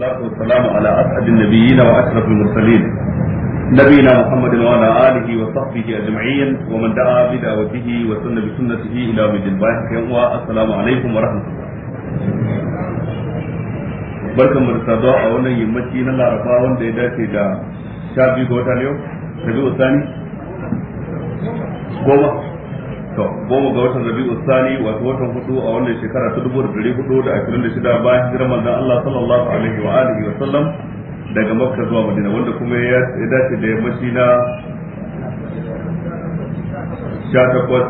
والصلاة والسلام على أسعد النبيين وأشرف المرسلين نبينا محمد وعلى آله وصحبه أجمعين ومن دعا بدعوته وسن بسنته إلى مجد الباحث والسلام عليكم ورحمة الله barkan mu da saduwa a wannan yammaci na laraba wanda ya dace da sha biyu ga wata yau rabi'u sani goma to goma ga watan rabi'u sani wato watan hudu a wannan shekara ta dubu da dari hudu da ashirin da shida bayan hijirar manzon Allah sallallahu alaihi wa alihi wa sallam daga makka zuwa madina wanda kuma ya dace da yammaci na sha takwas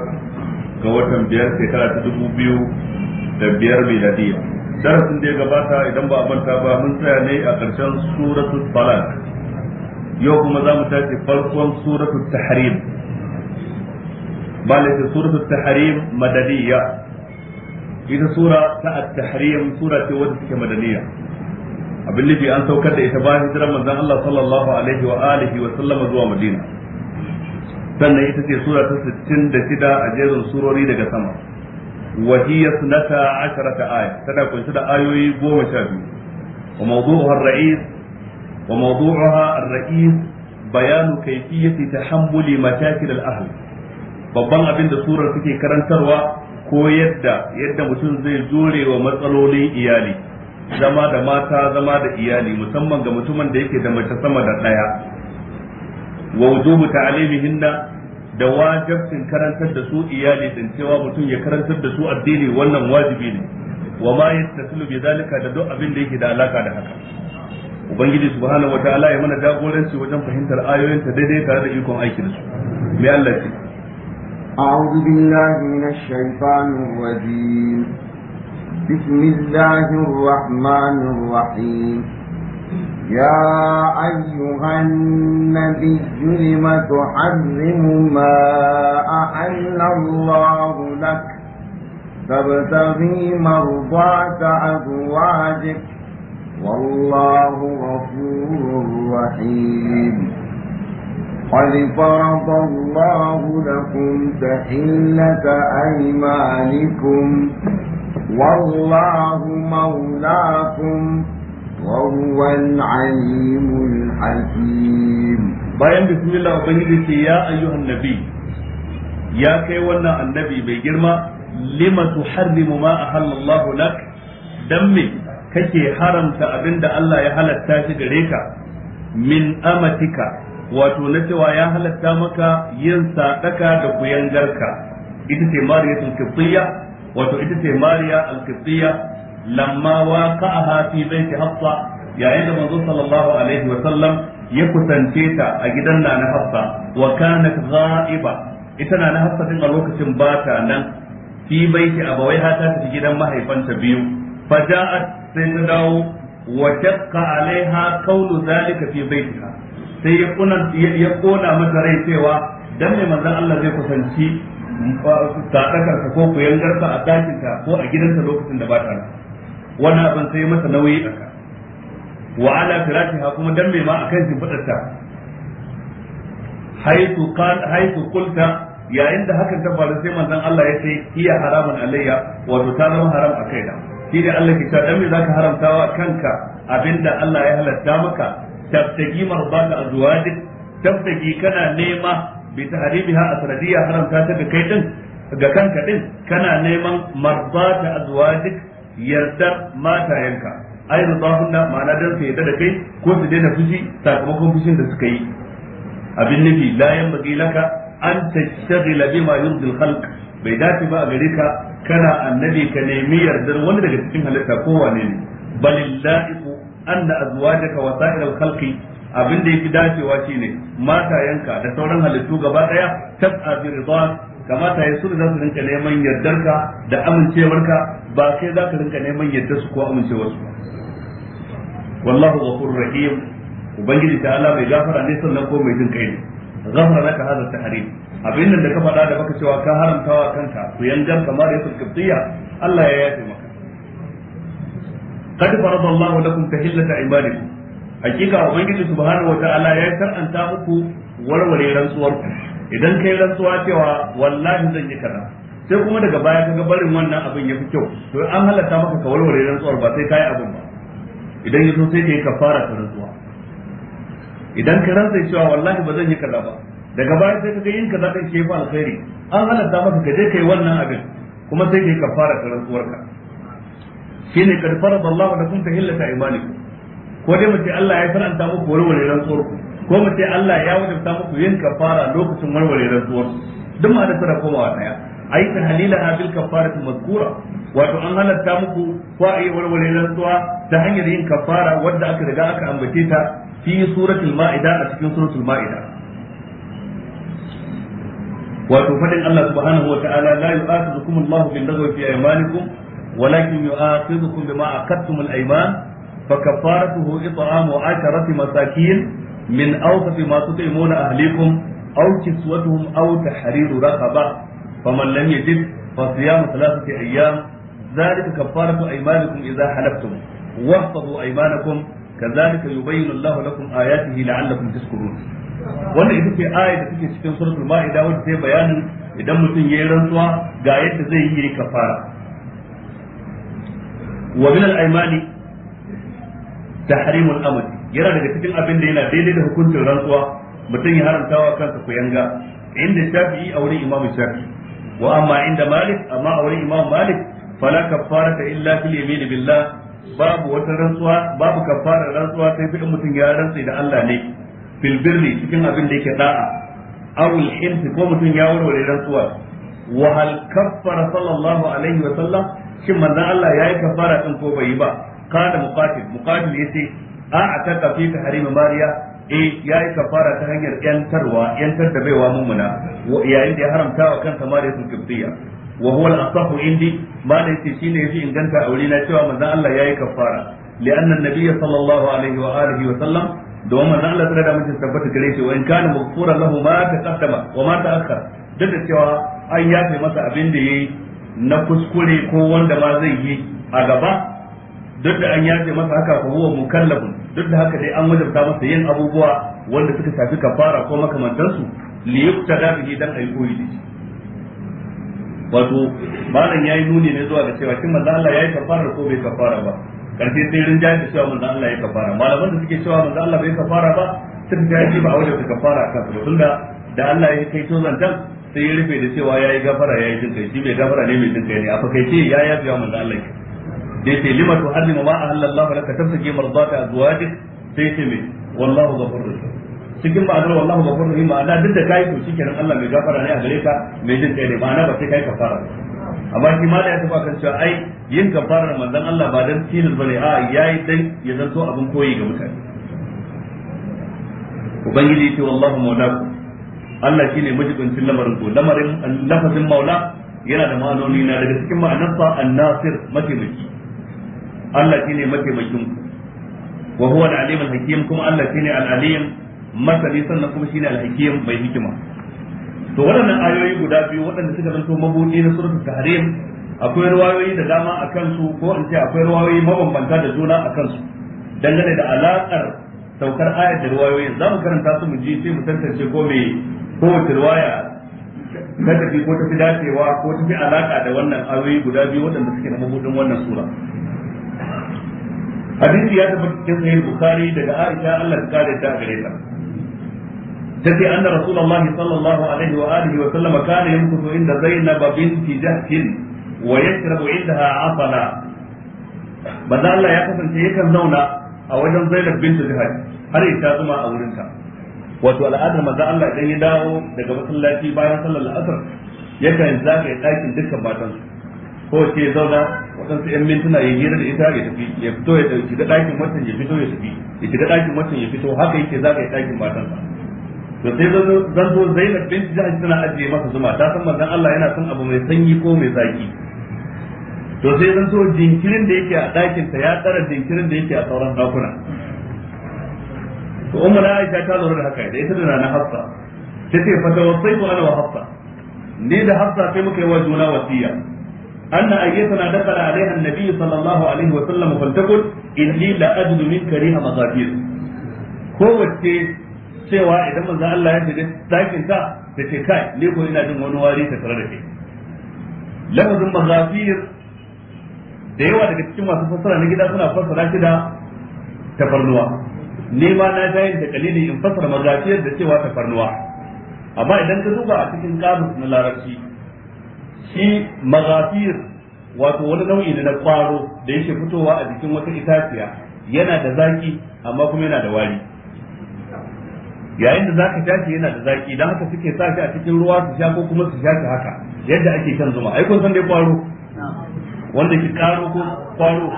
ga watan biyar shekara ta dubu biyu da biyar miladiya darasin da ya gabata idan ba a manta ba mun tsaya ne a ƙarshen suratul falak yau kuma za mu tashi farkon suratul tahrim بالي في سورة التحريم مدنية إذا سورة التحريم سورة ودك مدنية أبن لي في أن توكد إتباه من ذا الله صلى الله عليه وآله وسلم ذو مدينة سنة إتتي سورة ستين دسدا أجيز سورة ريدة سما وهي سنتا عشرة آية سنة كون سنة آية بوم شابي وموضوعها الرئيس وموضوعها الرئيس بيان كيفية تحمل مشاكل الأهل babban abin da surar suke karantarwa ko yadda yadda mutum zai jure wa matsalolin iyali zama da mata zama da iyali musamman ga mutumin da yake da mace sama da ɗaya wa wujubu hinna da wajibcin karantar da su iyali din cewa mutum ya karantar da su addini wannan wajibi ne wa ma yattasilu bi zalika da duk abin da yake da alaka da haka ubangiji subhanahu wataala ya mana jagoranci wajen fahimtar ayoyin ta daidai tare da ikon aikin su me Allah ce أعوذ بالله من الشيطان الرجيم بسم الله الرحمن الرحيم يا أيها النبي لم تحرم ما أحل الله لك تبتغي مرضات أزواجك والله غفور رحيم قد فرض الله لكم تحلة أيمانكم والله مولاكم وهو العليم الحكيم bayan bismillah ubangiji ce ya ayyuhan nabi ya kai wannan annabi mai girma lima tuharrimu ma ahallallahu lak dan me kake haramta abinda Allah ya halatta shi gare ka min amatika wato na cewa ya halatta maka yin sadaka da garka. ita ce mariya al wato ita ce mariya al-qibtiyya lamma waqa'aha fi baiti hafsa yayin da manzo sallallahu alaihi wa sallam ya kusance ta a gidan na hafsa wa kanat ghaiba ita na hafsa din a lokacin ba ta nan fi baiti abawai ha ta tafi gidan mahaifanta biyu faja'at sai ta dawo wa shaqqa alaiha qawlu zalika fi baitiha sai ya kona ya kona masa rai cewa dan mai manzon Allah zai kusanci mm, sadakar ka ko kuyan ka a dakin ka ko a gidansa lokacin da ba ta wannan abin sai masa nauyi aka wa ala firatiha kuma dan mai ma akan fadar ta haitu qal haitu qulta yayin da hakan ta faru sai manzon Allah ya ce iya haramun alayya wato ta zama haram a da shi ne Allah ke cewa dan mai zaka haramtawa kanka abinda Allah ya halatta maka tabtagi marbata azwajik tabtagi kana nema bi tahribiha asradiyya haramta ta ga kai din ga kanka din kana neman marbata azwajik yardar matayenka ai rubahunna ma'ana dan su da kai ko su daina fushi sakamakon fushin da suka yi abin nufi la yanbaghi laka an tashtagila bima yurdi al bai dace ba a gare ka kana annabi ka nemi yardar wani daga cikin halitta ko wane ne balillahi An anna azwajaka wa sa'iral khalqi abin da ya fi dacewa shine matayanka da sauran halittu gaba daya tab'a bi ridwan kamata ya suna za su rinka neman yardarka da amincewarka ba sai za ka rinka neman yardar su ko amincewarsu wallahu ghafurur rahim ubangiji ta Allah mai gafara ne sannan ko mai jin kai ne ghafara laka hadha tahrim abin da ka faɗa da baka cewa ka haramtawa kanka ku yangar kamar yasir kibtiya Allah ya yafe maka qad faradallahu lakum tahillata ibadikum hakika ubangiji subhanahu ta'ala ya tar'anta muku warware rantsuwar ku idan kai rantsuwa cewa wallahi zan yi kaza sai kuma daga baya kaga barin wannan abin yafi kyau to an halatta maka ka warware rantsuwar ba sai kai abin ba idan yazo sai kai kafara ta rantsuwa idan ka rantsa cewa wallahi ba zan yi kaza ba daga baya sai kaga yin kaza din ke fa alkhairi an halatta maka ka je kai wannan abin kuma sai kai kafara ta rantsuwar ka shine kad faradallahu lakum tahillata imanikum ko dai mace Allah ya faranta muku warware rantsuwar ku ko mace Allah ya wajabta muku yin kafara lokacin warware rantsuwar duk ma da tana komawa daya ai tahlila bil kafarati mazkura wato an halatta muku ko ayi warware rantsuwa ta hanyar yin kafara wadda aka riga aka ambace ta fi suratul ma'ida a cikin suratul ma'ida wato fadin Allah subhanahu wa ta'ala la yu'akhidhukum Allahu bil lagwi fi aymanikum ولكن يؤاخذكم بما عقدتم الايمان فكفارته اطعام عشرة مساكين من اوسط ما تطعمون اهليكم او كسوتهم او تحرير رقبة فمن لم يجد فصيام ثلاثة ايام ذلك كفارة ايمانكم اذا حلفتم واحفظوا ايمانكم كذلك يبين الله لكم اياته لعلكم تشكرون wannan ita ce aya da take cikin suratul ma'ida wadda ta bayanin idan mutum yayi rantsuwa ga yadda zai yi kafara wa min al-aymani tahrimul amad yana daga cikin abin da yana daidai da hukuncin rantsuwa mutum ya haramta wa kansa kuyanga inda shafi'i a wurin imamu shafi'i wa amma inda malik amma a wurin imamu malik fala kaffarata illa fil yamin billah babu wata rantsuwa babu kaffara rantsuwa sai fi mutum ya rantsa da Allah ne fil birri cikin abin da yake da'a aw al ko mutum ya warware rantsuwa wa hal kaffara sallallahu alaihi wa sallam shin manzon Allah ya yi kafara ɗin ko bai yi ba kana muqatil ne yace a'a, ataka fi harim mariya eh yayi kafara ta hanyar yantarwa yantar da baiwa mummuna yayin da ya haramta wa kansa mariya sun kibtiya wa huwa al indi ma da yace shine inganta aure na cewa manzon Allah yayi kafara li'anna an-nabiy sallallahu alaihi wa alihi wa sallam don manzon Allah tsara da mutum tabbata gare shi wa in kana maghfuran lahu ma taqaddama wa ma ta'akhkhara duk da cewa an yafe masa abin da yayi na kuskure ko wanda ma zai yi a gaba duk da an yaje masa haka ko huwa mukallafun duk da haka dai an wajabta masa yin abubuwa wanda suka shafi kafara ko makamantansu li yuktada bihi dan ayi koyi da wato malam yayi nuni ne zuwa ga cewa kin manzo Allah yayi kafara ko bai kafara ba karfe sai rin jaji cewa manzo Allah yayi kafara malaman da suke cewa manzo Allah bai kafara ba sun jaji ba wajen kafara kan su tunda da Allah ya kai to zantan sai ya rufe da cewa ya yi gafara ya yi jin kai shi mai gafara ne mai jin kai ne a fakaice ya yafi wa manzo Allah ke da yake lima tu harrima ma ahallallahu laka tabtaji mardata azwajik sai ce mai wallahu ghafurur rahim cikin ma'anar wallahu ghafurur rahim ma'ana duk da kai to shikenan Allah mai gafara ne a gare ka mai jin kai ne ma'ana ba sai kai kafara amma shi ma da ya tafi kan cewa ai yin da manzon Allah ba dan ba bane a yayi dan ya zanto abin koyi ga mutane ubangiji ce wallahu mawlaku Allah shi ne majibincin lamarin ko lamarin lafazin maula yana da ma'anoni na daga cikin ma'anarsa annasir nasir mataimaki Allah ne mataimakin ku wa huwa al-alim al-hakim kuma Allah ne al-alim masani sannan kuma ne al-hakim mai hikima to waɗannan ayoyi guda biyu waɗanda suka zanto mabudi na suratul tahrim akwai ruwayoyi da dama a kansu ko in ce akwai ruwayoyi mabambanta da juna a kansu dangane da alaƙar saukar ayar da ruwayoyin za mu karanta su mu ji sai mu tantance ko me Ko kowace riwaya ta tafi ko tafi dacewa ko tafi alaka da wannan ayoyi guda biyu waɗanda suke na mabudin wannan sura hadisi ya tafi cikin sahih bukhari daga aisha Allah ta kare ta gare ta tace anna rasulullahi sallallahu alaihi wa alihi wa sallam kana yamkutu inda zainab binti jahsh wa yashrabu indaha asala manzo Allah ya kasance yakan zauna a wajen Zainab binti Jahsh har ya ta zama a wurinta wato al'adar maza Allah idan ya dawo daga masallaci bayan sallar asar yakan zagaye ɗakin dukkan matan ko ke zauna waɗansu ‘yan mintuna ya hira da ita ya tafi ya fito ya da ɗakin watan ya fito ya tafi ya shiga ɗakin watan ya fito haka yake zagaye ɗakin matansa to sai zan zo zainab bin jahash tana ajiye masa zuma ta san manzon Allah yana son abu mai sanyi ko mai zaki to sai zan so jinkirin da yake a ɗakin ta ya tsara jinkirin da yake a sauran ɗakuna to aisha ta lura da haka da ita da na hafsa tace fa tawassaitu ana wa hafsa ni da hafsa sai muka yi wa juna wasiya أن أيتنا دخل عليها النبي صلى الله عليه وسلم فلتقل إني لا منك ريح مغادير kowace cewa idan manzo Allah ya shiga dakin ta da ke kai ne ko ina jin wani wari ta tare da kai lafazin mazafir da yawa daga cikin masu fassara na gida suna fassara shi da tafarnuwa nema na jayin da kalili in fasar mazafiyar da cewa tafarnuwa amma idan ka duba a cikin kamus na larabci shi mazafiyar wato wani nau'i na kwaro da yake fitowa a jikin wata itaciya yana da zaki amma kuma yana da wari yayin da zaka tashi yana da zaki dan haka suke sa shi a cikin ruwa su sha ko kuma su sha shi haka yadda ake kan zuma ai kun san dai kwaro wanda ki karo ko kwaro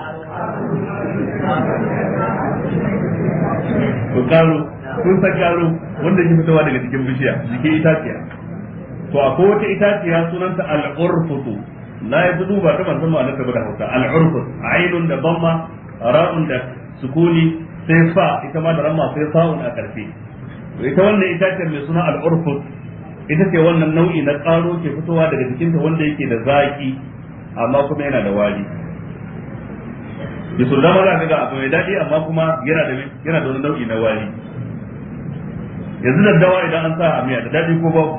to karo kun san karo wanda ke fitowa daga cikin bishiya jikin itaciya to akwai wata itaciya sunanta al-urfutu la ya ba duba ta manzon ma'anar ta da hausa al'urfut ainun da bamma ra'un da sukuni sai fa ita ma da ramma sai sa'un a To ita wannan itaciyar mai suna al'urfut ita ce wannan nau'i na karo ke fitowa daga ta wanda yake da zaki amma kuma yana da wari ya so dama za ka ga abu mai daɗi amma kuma yana da yana da wani nau'i na wari yanzu da dawa idan an sa a miya da daɗi ko babu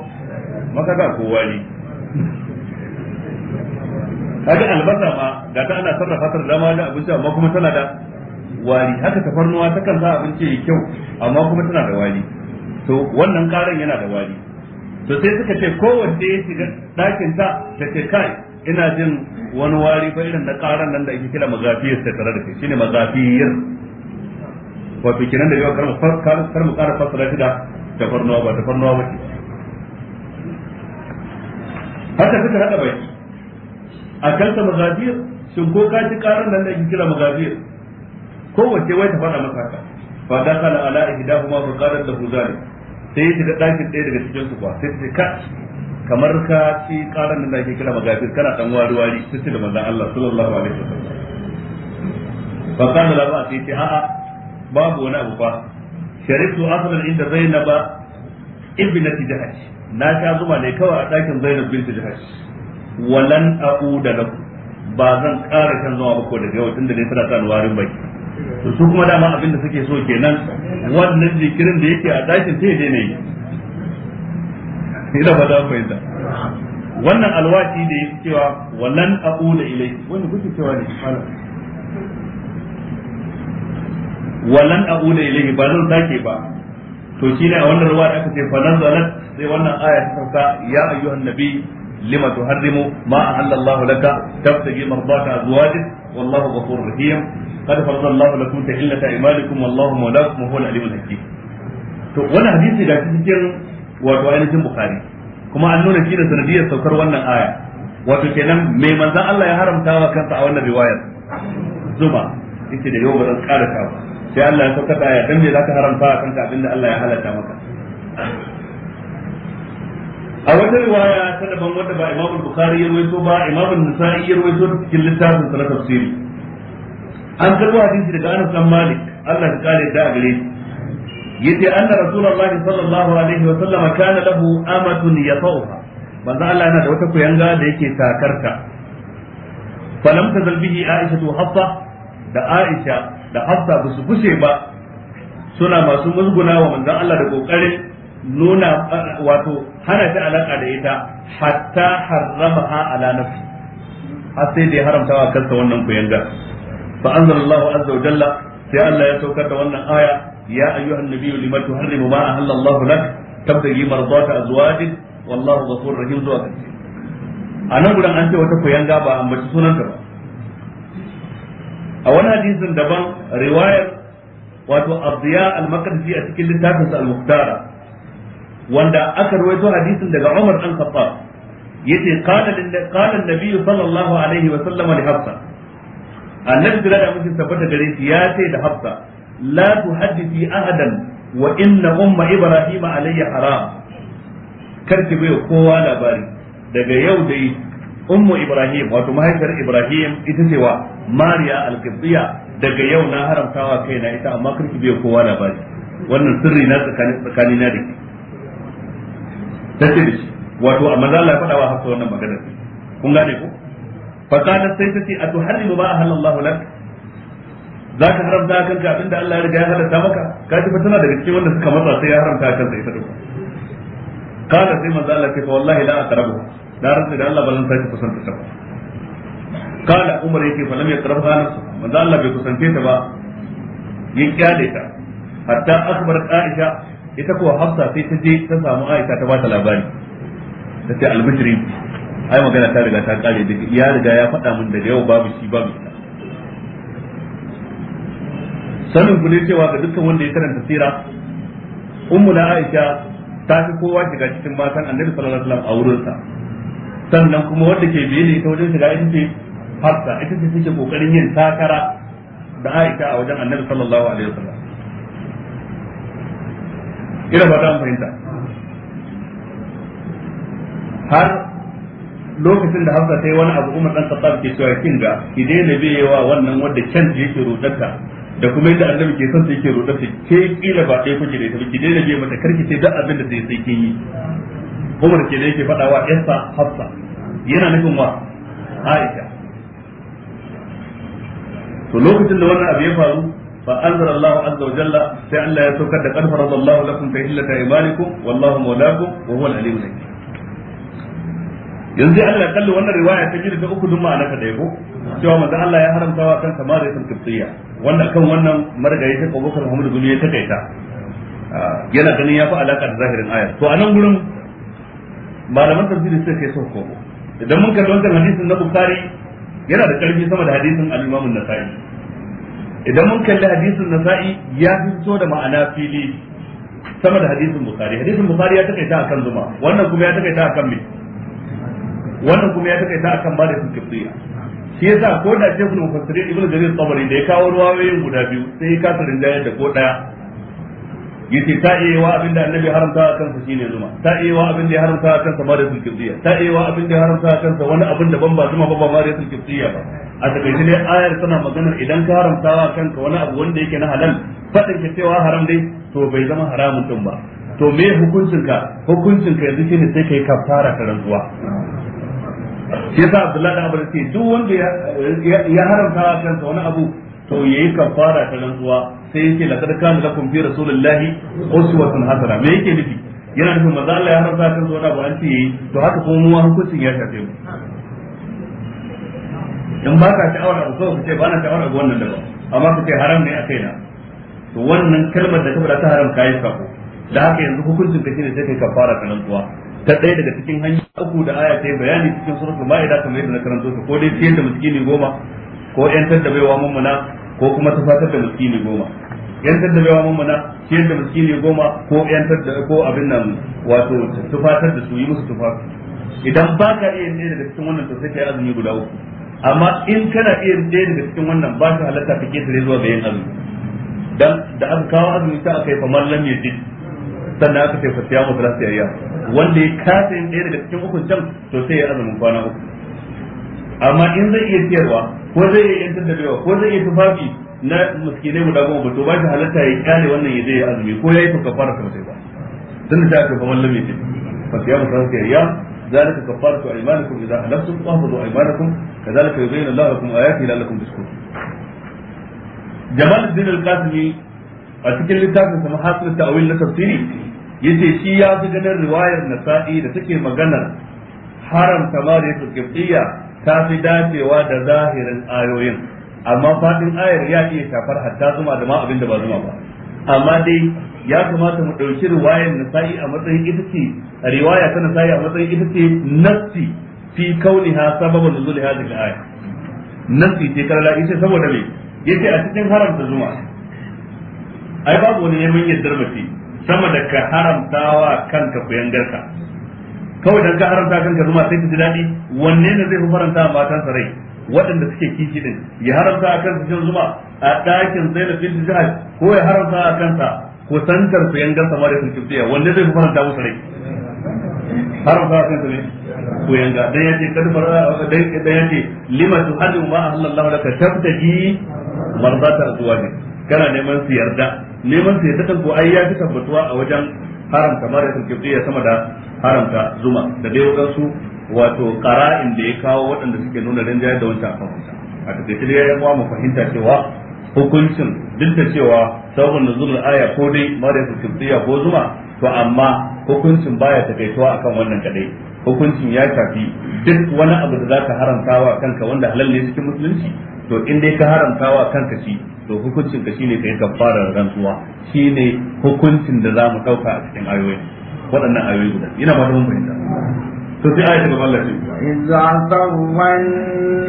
makaga ko wari kaga albasa ma ga ta ana sarrafa ta da dama da abinci amma kuma tana da wari haka tafarnuwa ta kan sa abinci yayi kyau amma kuma tana da wari to wannan karan yana da wari to sai suka ce kowanne ya shiga ɗakin ta ta ce kai ina jin wani wari fa irin na karan nan da yake kira magafiyar ta tare da shi shine magafiyar wato nan da yau kar mu kara fasara shi da tafarnuwa ba tafarnuwa ba ce haka suka haɗa baki a kanta magafiyar shin ko ka ji karan nan da yake kira magafiyar wace wai ta faɗa masa haka fa da kana ala ihdahuma fa qalat da zalik sai ya shiga ɗakin ɗaya daga cikin su ba sai ta kamar ka ci karan da nake kira magafir kana dan wari wari sai da manzon Allah sallallahu alaihi wasallam fa kana la ba sai a a babu wani abu fa sharitu aslan inda zainaba ibnati jahash na ta zuma ne kawai a dakin zainab binti jahash walan aquda lakum ba zan kara kan zuma ba ko da, yau tunda ne tana sa warin bai. to su kuma dama abin da suke so kenan wannan jikirin da yake a dakin sai dai ne ina ba za ku yadda wannan alwashi da yake cewa walan aqula ilayhi wannan kuke cewa ne walan aqula ilai ba zan sake ba to shi ne a wannan ruwa da aka ce falan zalat sai wannan aya ta sauka ya ayyuhan nabi lima tuharrimu ma ahallallahu laka tabtagi mardaka azwajik wallahu ghafurur rahim qad farada Allahu lakum tahillata imalikum wallahu mawlaakum wa huwa al-alim al-hakim to wannan hadisi da cikin wato ainihin bukhari kuma an nuna shi da sanadiyar saukar wannan aya wato kenan mai manzan Allah ya haramta wa kansa a wannan riwayar zuma yake da yau ba zan ƙara kawo sai Allah ya saukar da aya dan me zaka haramta wa kanka abinda Allah ya halatta maka a wata riwaya ta daban wanda ba Imam Bukhari ya rawaito ba Imam Nasa'i ya rawaito cikin littafin sa na tafsiri an karbo hadisi daga Anas bin Malik Allah ya kare da gare shi yace anna rasulullahi sallallahu alaihi wa sallam kana lahu amatun yatawha manzo Allah yana da wata kuyanga da yake takarta falam tazal bihi aisha tu hafsa da aisha da hafsa ba su gushe ba suna masu musguna wa manzo Allah da kokarin nuna wato hana ta alaka da ita hatta harramaha ala nafsi har sai da ya haramta wa kansa wannan kuyanga fa anzalallahu azza wa jalla sai Allah ya saukar da wannan aya يا أيها النبي لما تحرم ما أهل الله لك تبتغي مرضات أزواجك والله غفور رحيم زواجك أنا أقول أنت وتكو ينقى بأم بتسونا a wani hadisin daban riwayar wato abdiya al-maqdisi a cikin littafin sa al-muqtara wanda aka rawaito hadisin daga Umar dan Khattab yace qala lin qala an-nabi sallallahu alaihi wa sallam Hafsa annabi da da mutum tabbata ya ce da Hafsa la tuhaddisi ahadan wa inna umma ibrahim alayya haram kar ki bai kowa labari daga yau dai ummu ibrahim wato mahaifiyar ibrahim ita ce wa mariya alqibtiya daga yau na haramtawa kaina ita amma kar ki bai kowa labari wannan sirri na tsakani da ke tace wato amma Allah ya faɗa wa wannan maganar kun gane sai tace atuharrimu ma ahallallahu lak za ka haramta kan ka abinda Allah ya riga ya halatta maka ka ji tana daga cikin wanda suka matsa sai ya haramta kan sai ta duka kana sai manzo Allah ke fa wallahi la atrabu da rabbi da Allah ba zan sake kusanta ta kana Umar yake fa lam yaqrabu ana manzo Allah bai kusance ta ba ya kyale ta hatta akbar Aisha ita ko Hafsa sai ta je ta samu Aisha ta ba ta labari ta ce albishri ai magana ta riga ta kare daga ya riga ya faɗa min daga yau babu shi babu ita sanin ku ne cewa ga dukkan wanda ya karanta sira ummu na aisha ta fi kowa shiga cikin matan annabi sallallahu alaihi wasallam a sa sannan kuma wanda ke biye da ita wajen shiga ita ce hafsa ita ce take kokarin yin takara da aisha a wajen annabi sallallahu alaihi wasallam ina ba ta fahimta har lokacin da hafsa ta yi wani abu umar dan khattab ke cewa kinga ki daina biyewa wannan wanda kyan yake rudarta da kuma yadda annabi ke son sai ke roƙa ta ke kila ba ɗaya kuke da ita ba ki daina biye mata karki ce da abin da sai sai kin yi Umar ke da yake faɗa wa Esther Hafsa yana nufin wa Aisha to lokacin da wannan abu ya faru fa anzala Allah azza wa jalla sai Allah ya saukar da qad faradallahu lakum tahillata imanikum wallahu mawlakum wa huwa al alim al hakim yanzu Allah kalli wannan riwaya ta gida ta uku dun ma'ana ka ko cewa manzo Allah ya haramta wa kansa ma da yasan kibtiya wanda kan wannan margayi ta kan Muhammadu gumi ya kaita. Ah, yana ganin ya fi alaka da zahirin ayar to a nan gurin malaman tafsiri suka kai son koko. idan mun kalli wannan hadisin na Bukhari yana da karfi sama da hadisin al-Imam an-Nasa'i idan mun kalli hadisin Nasa'i ya fito da ma'ana fili sama da hadisin Bukhari hadisin Bukhari ya takaita akan zuma wannan kuma ya takaita akan me wannan kuma ya takaita akan ba da tafsiriya shi yasa ko da shekul mufassiri ibnu jarir tabari da ya kawo ruwayoyin guda biyu sai ya kasa rinjaye da ko daya yace ta iya wa abinda annabi haramta a kansa shine zuma ta iya wa abinda ya haramta a kansa ba da zulkirdiya ta iya wa abinda ya haramta a kansa wani abin da ban ba zuma ba ba ma da zulkirdiya ba a takaice ne ayar tana magana idan ka haramta wa kanka wani abu wanda yake na halal fadin ka cewa haram dai to bai zama haramun din ba to me hukuncin hukuncinka yanzu shine sai kai kafara ka rantsuwa shi yasa abdullahi da Abdullahi ce duk wanda ya haramta kansa wani abu to yayi kafara ta rantsuwa sai yake laqad kana lakum fi rasulillahi uswatun hasana me yake nufi yana nufin maza Allah ya haramta kansa wani abu an ce yayi to haka kuma mu hukuncin ya shafe mu in ba ka sha'awar abu kawai ka ce ba na sha'awar abu wannan daban amma ka ce haram ne a kaina to wannan kalmar da ka fada ta haram kayi sako da haka yanzu hukuncin da shine sai kai kafara ta rantsuwa ta ɗaya daga cikin hanyoyi uku da aya ta bayani cikin suratul ma'ida kamar yadda na karanto ta ko dai ciyar da miskini goma ko yantar da baiwa mummuna ko kuma ta fatar da miskini goma yantar da baiwa mummuna ciyar da miskini goma ko yantar da ko abin nan wato fatar da su yi musu tufafi idan ba ka iya yin daga cikin wannan to sai kai azumi guda uku amma in kana iya yin daga cikin wannan ba ka halatta ka ketare zuwa ga yin azumi dan da aka kawo azumi ta aka yi faman lam yajid sannan aka ce mu salatu ayyam wanda ya kasa yin ɗaya daga cikin ukun can to sai ya azumin kwana uku amma in zai iya siyarwa ko zai iya yin tattalin yawa ko zai iya tufafi na muskinai guda goma ba to ba shi halatta ya kyale wannan ya zai ya azumi ko ya yi to kafara ta ba sun da ta ce kamar lami ce fasiyamu salatu ayyam ذلك كفارة أيمانكم إذا حلفتم واحفظوا أيمانكم كذلك يبين الله لكم آياته لعلكم تشكرون جمال الدين القاسمي a cikin littafin kuma hasil ta'awil na tafsiri yace shi ya fi ganin riwayar nasa'i da take maganar haramta mariyatul qibtiyya ta fi dacewa da zahirin ayoyin amma fadin ayar ya iya shafar hatta zuma da ma abinda ba zuma ba amma dai ya kamata mu ɗauki riwayar nasa'i a matsayin ita ce riwaya ta nasa'i a matsayin ita ce nafsi fi kauniha sababin nuzul hadhihi al-aya ce karala ita saboda me yace a cikin haramta zuma ai babu wani neman yaddar mace sama da ka haramta wa kanka kuyangarka kawai dan ka haramta kanka zuma sai ta ji daɗi wanne ne zai fi faranta matan rai waɗanda suke kishi din ya haramta a kansa cin zuma a ɗakin zainab bin jihar ko ya haramta a kansa ku kuyangarsa ma da sun kifiya wanne zai fi faranta wa rai haramta a kansa ne koyanga dan yace kad fara dan yace limatu tuhadu ma ahalla Allah laka tabtaji marzata azwajik kana neman su yarda neman su yarda ko ai ya fi tabbatuwa a wajen haramta mara tulkiya sama da haramta zuma da dai wadansu wato qara'in da ya kawo waɗanda suke nuna rinjaye da wancan akan wancan a takaice ya yi mu fahimta cewa hukuncin duk da cewa sabon nuzulul aya ko dai mara tulkiya ko zuma to amma hukuncin baya takaituwa akan wannan kadai hukuncin ya shafi duk wani abu da zaka haramtawa kanka wanda halal ne cikin musulunci to in dai ka haramtawa kanka shi to hukuncin ka shine kai kafarar rantsuwa shine hukuncin da zamu dauka a cikin ayoyi waɗannan ayoyi guda ina ba mun fahimta to sai ayatu ga Allah idza tawwan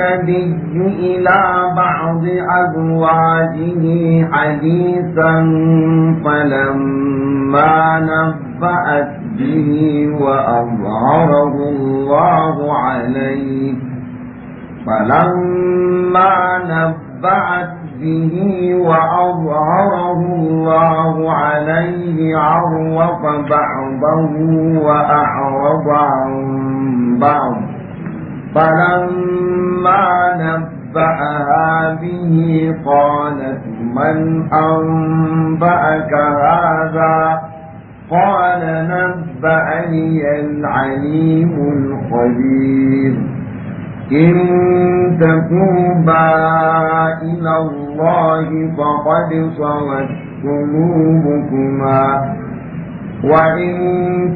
nabiyyu ila ba'd azwajihi hadithan falamma nabba'at bihi wa azharahu Allahu alayhi فلما نبأ تنبعت به وأظهره الله عليه عرف بعضه وأعرض عن بعض فلما نبأها به قالت من أنبأك هذا قال نبأني العليم الخبير إن تتوبا إلى الله فقد صغت قلوبكما وإن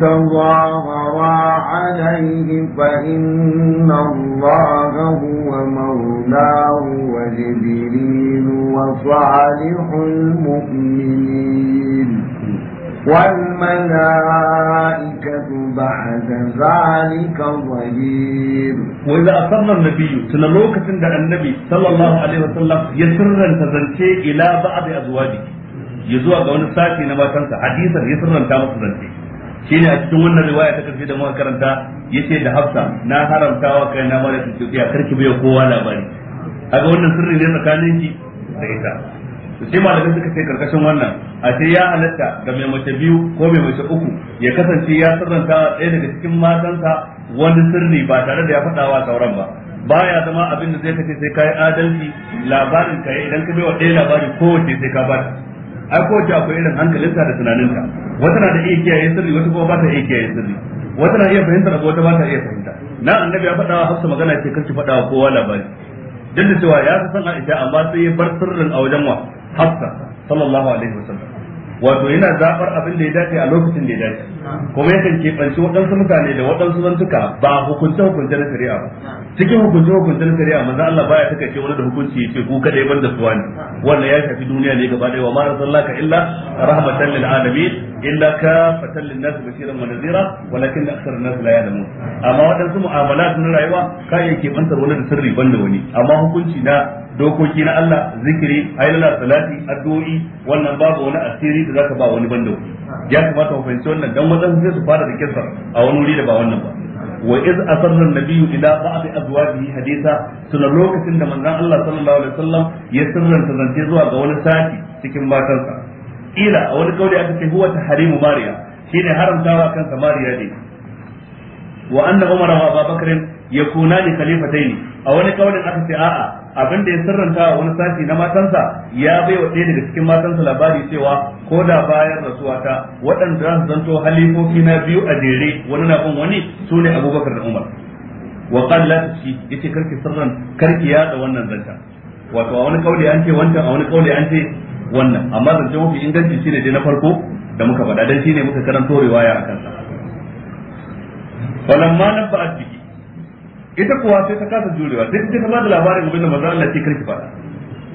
تظاهرا عليه فإن الله هو مولاه وجبريل وصالح المؤمنين والملائكة بعد ذلك ظهير وإذا أصر النبي تنلوك عند النبي صلى الله عليه وسلم أن تزنتي إلى بعض أزواجه يزوى قول نما تنسى حديثا يسرا تامس Shi shine a cikin wannan riwaya ta karfi da muka karanta ce da Hafsa na haramtawa kai na mara tuciya karki bai kowa labari kaga wannan sirri ne tsakanin ki da ita to sai malamai suka ce karkashin wannan a ce ya halatta ga mai mace biyu ko mai mace uku ya kasance ya sirranta ɗaya daga cikin matansa wani sirri ba tare da ya faɗawa sauran ba Ba ya zama abin da zai kace sai kai adalci labarin ka idan ka bai wa ɗaya labari kowace sai ka bata ai kowace akwai irin hankalinta da tunaninta wata na da iya kiyaye sirri wata kuma ba ta iya kiyaye sirri wata na iya fahimtar abu wata ba ta iya fahimta na annabi ya faɗa wa hafsa magana ce kar ki faɗa wa kowa labari duk da cewa ya san Aisha amma sai ya bar sirrin a wajen wa Hafsa sallallahu alaihi wasallam wato yana zabar abin da ya dace a lokacin da ya dace kuma yakan keɓanci waɗansu mutane da waɗansu zantuka ba hukunce hukunce na shari'a ba cikin hukunce hukunce na shari'a manzo Allah baya take ce wani da hukunci ya ce ku kada ban banda suwa ne wannan ya shafi duniya ne gaba ɗaya wa ma rasallaka illa rahmatan lil alamin illa kafatan linnas bashiran wa nadhira walakin akthar an-nas la ya'lamun amma wadansu mu'amalat na rayuwa ka iya kebantar wani da sirri banda wani amma hukunci na dokoki na Allah zikiri ayyala salati addu'i wannan babu wani asiri da zaka ba wani banda wani ya kamata mu fahimci wannan dan wadansu sai su fara da kissa a wani wuri da ba wannan ba wa iz asarra an-nabiyyu ila ba'd azwajihi haditha Suna lokacin da manzon Allah sallallahu alaihi wasallam ya sirranta zance zuwa ga wani sati cikin matarsa kila a wani kauli aka ce huwa tahrimu mariya shine haramtawa kansa mariya ne wa anna umara wa abubakar yakuna li khalifataini a wani kaulin aka ce a'a abin da ya sirranta a wani sashi na matansa ya bai wa ɗaya daga cikin matansa labari cewa ko da bayan rasuwa ta waɗanda za su zanto halifofi na biyu a jere wani na kun wani su ne abubakar da umar wa qad la yake yace karki sirran karki da wannan zanta wato a wani kauli an ce wancan a wani kauli an ce wannan amma zance mafi inganci shine na farko da muka faɗa dan muka karanto riwaya sa ita kuwa sai ta kasa jurewa sai ta da labarin abin manzo Allah ya kirki faɗa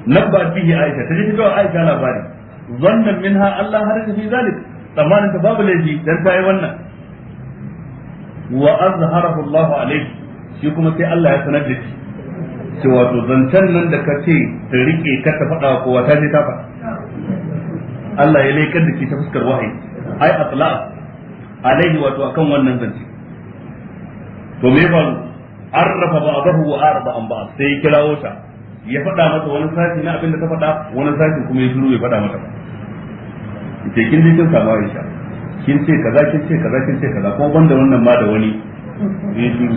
nabba'at bihi Aisha ta ji ta Aisha labari minha Allah har ta zalik tsammanin ta babu laifi dan ta yi wannan wa azharahu Allah alaihi shi kuma sai Allah ya sanar da shi ce wato zancen nan da ka ce da rike ka ta faɗa kowa ta je ta faɗa Allah ya laikar da ke ta fuskar wahayi ai atla alaihi wato akan wannan zance to me ba arrafa ba'dahu wa arba an ba sai ya kirawo ta ya faɗa mata wani sashi na abin da ta faɗa wani sashi kuma ya shiru ya faɗa mata ce kin ji kin samu Aisha kin ce kaza kin ce kaza kin ce kaza ko banda wannan ma da wani ya shiru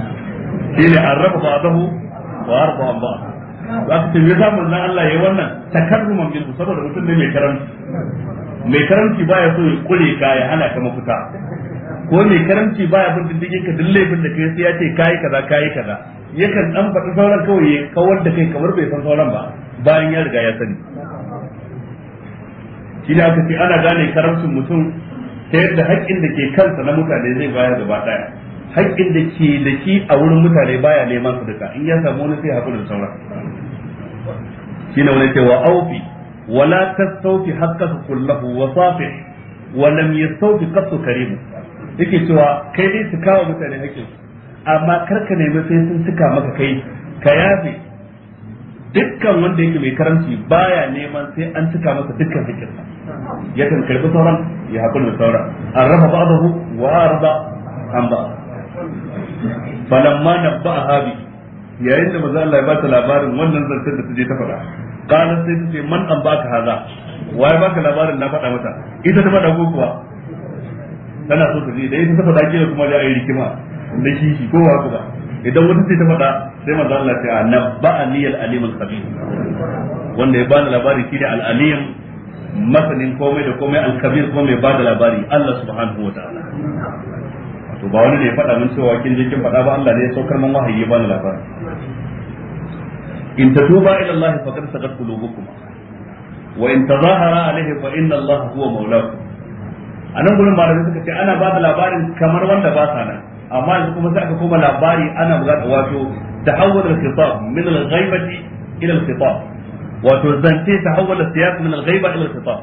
shine arrafa ba'dahu wa arda an ba za ka ce me yasa manzon Allah yayi wannan takarruman bil saboda mutum ne mai karanci mai karanci baya so ya kure ka ya hana ka mafita ko mai karanci baya bin diddigin ka duk laifin da kai sai ya ce kai kaza kai kaza yakan dan faɗi sauran kawai ya kawar da kai kamar bai san sauran ba bayan ya riga ya sani shi da aka ce ana gane karamcin mutum ta yadda haƙƙin da ke kansa na mutane zai bayar gaba ɗaya haƙƙin da ke da ki a wurin mutane baya neman su duka in ya samu wani sai haƙƙin da sauran ne wani cewa aufi wala sauƙi haqqaka kullahu wa safih wa lam yastawfi kasu karimu yake cewa kai dai su kawo mutane haƙƙin amma karka nemi sai sun cika maka kai ka yafe dukkan wanda yake mai karanci baya neman sai an cika masa dukkan haƙƙinsa yakan karbi sauran ya haƙƙin da sauran an raba ba'dahu wa arda an ba falamma nabba'aha bi yayin da manzo Allah ya bata labarin wannan zancen da je ta faɗa kana sai ta ce man an baka haza waye baka labarin na faɗa mata ita ta faɗa kuwa tana so ta je da ita ta faɗa kila kuma da ayi rikima da kishi ko wa kuma idan wata sai ta faɗa sai manzo Allah ya ce nabba'ani al-alim al-khabir wanda ya bani labari shi da al-alim masanin komai da komai al-kabir kuma mai da labari Allah subhanahu wa ta'ala to ba wani da ya faɗa min cewa kin je kin faɗa ba Allah ne ya saukar man wahayi ba ni labarin. in tatuba ila Allah faqad sagat qulubukum wa in tazahara alaihi fa inna Allah huwa mawlakum anan gurin malamai suka ce ana ba da labarin kamar wanda ba sa nan amma yanzu kuma sai aka koma labari ana bukata wato tahawwul al-khitab min al-ghaibati ila al-khitab wato zance tahawwul al-siyaq min al-ghaiba ila al-khitab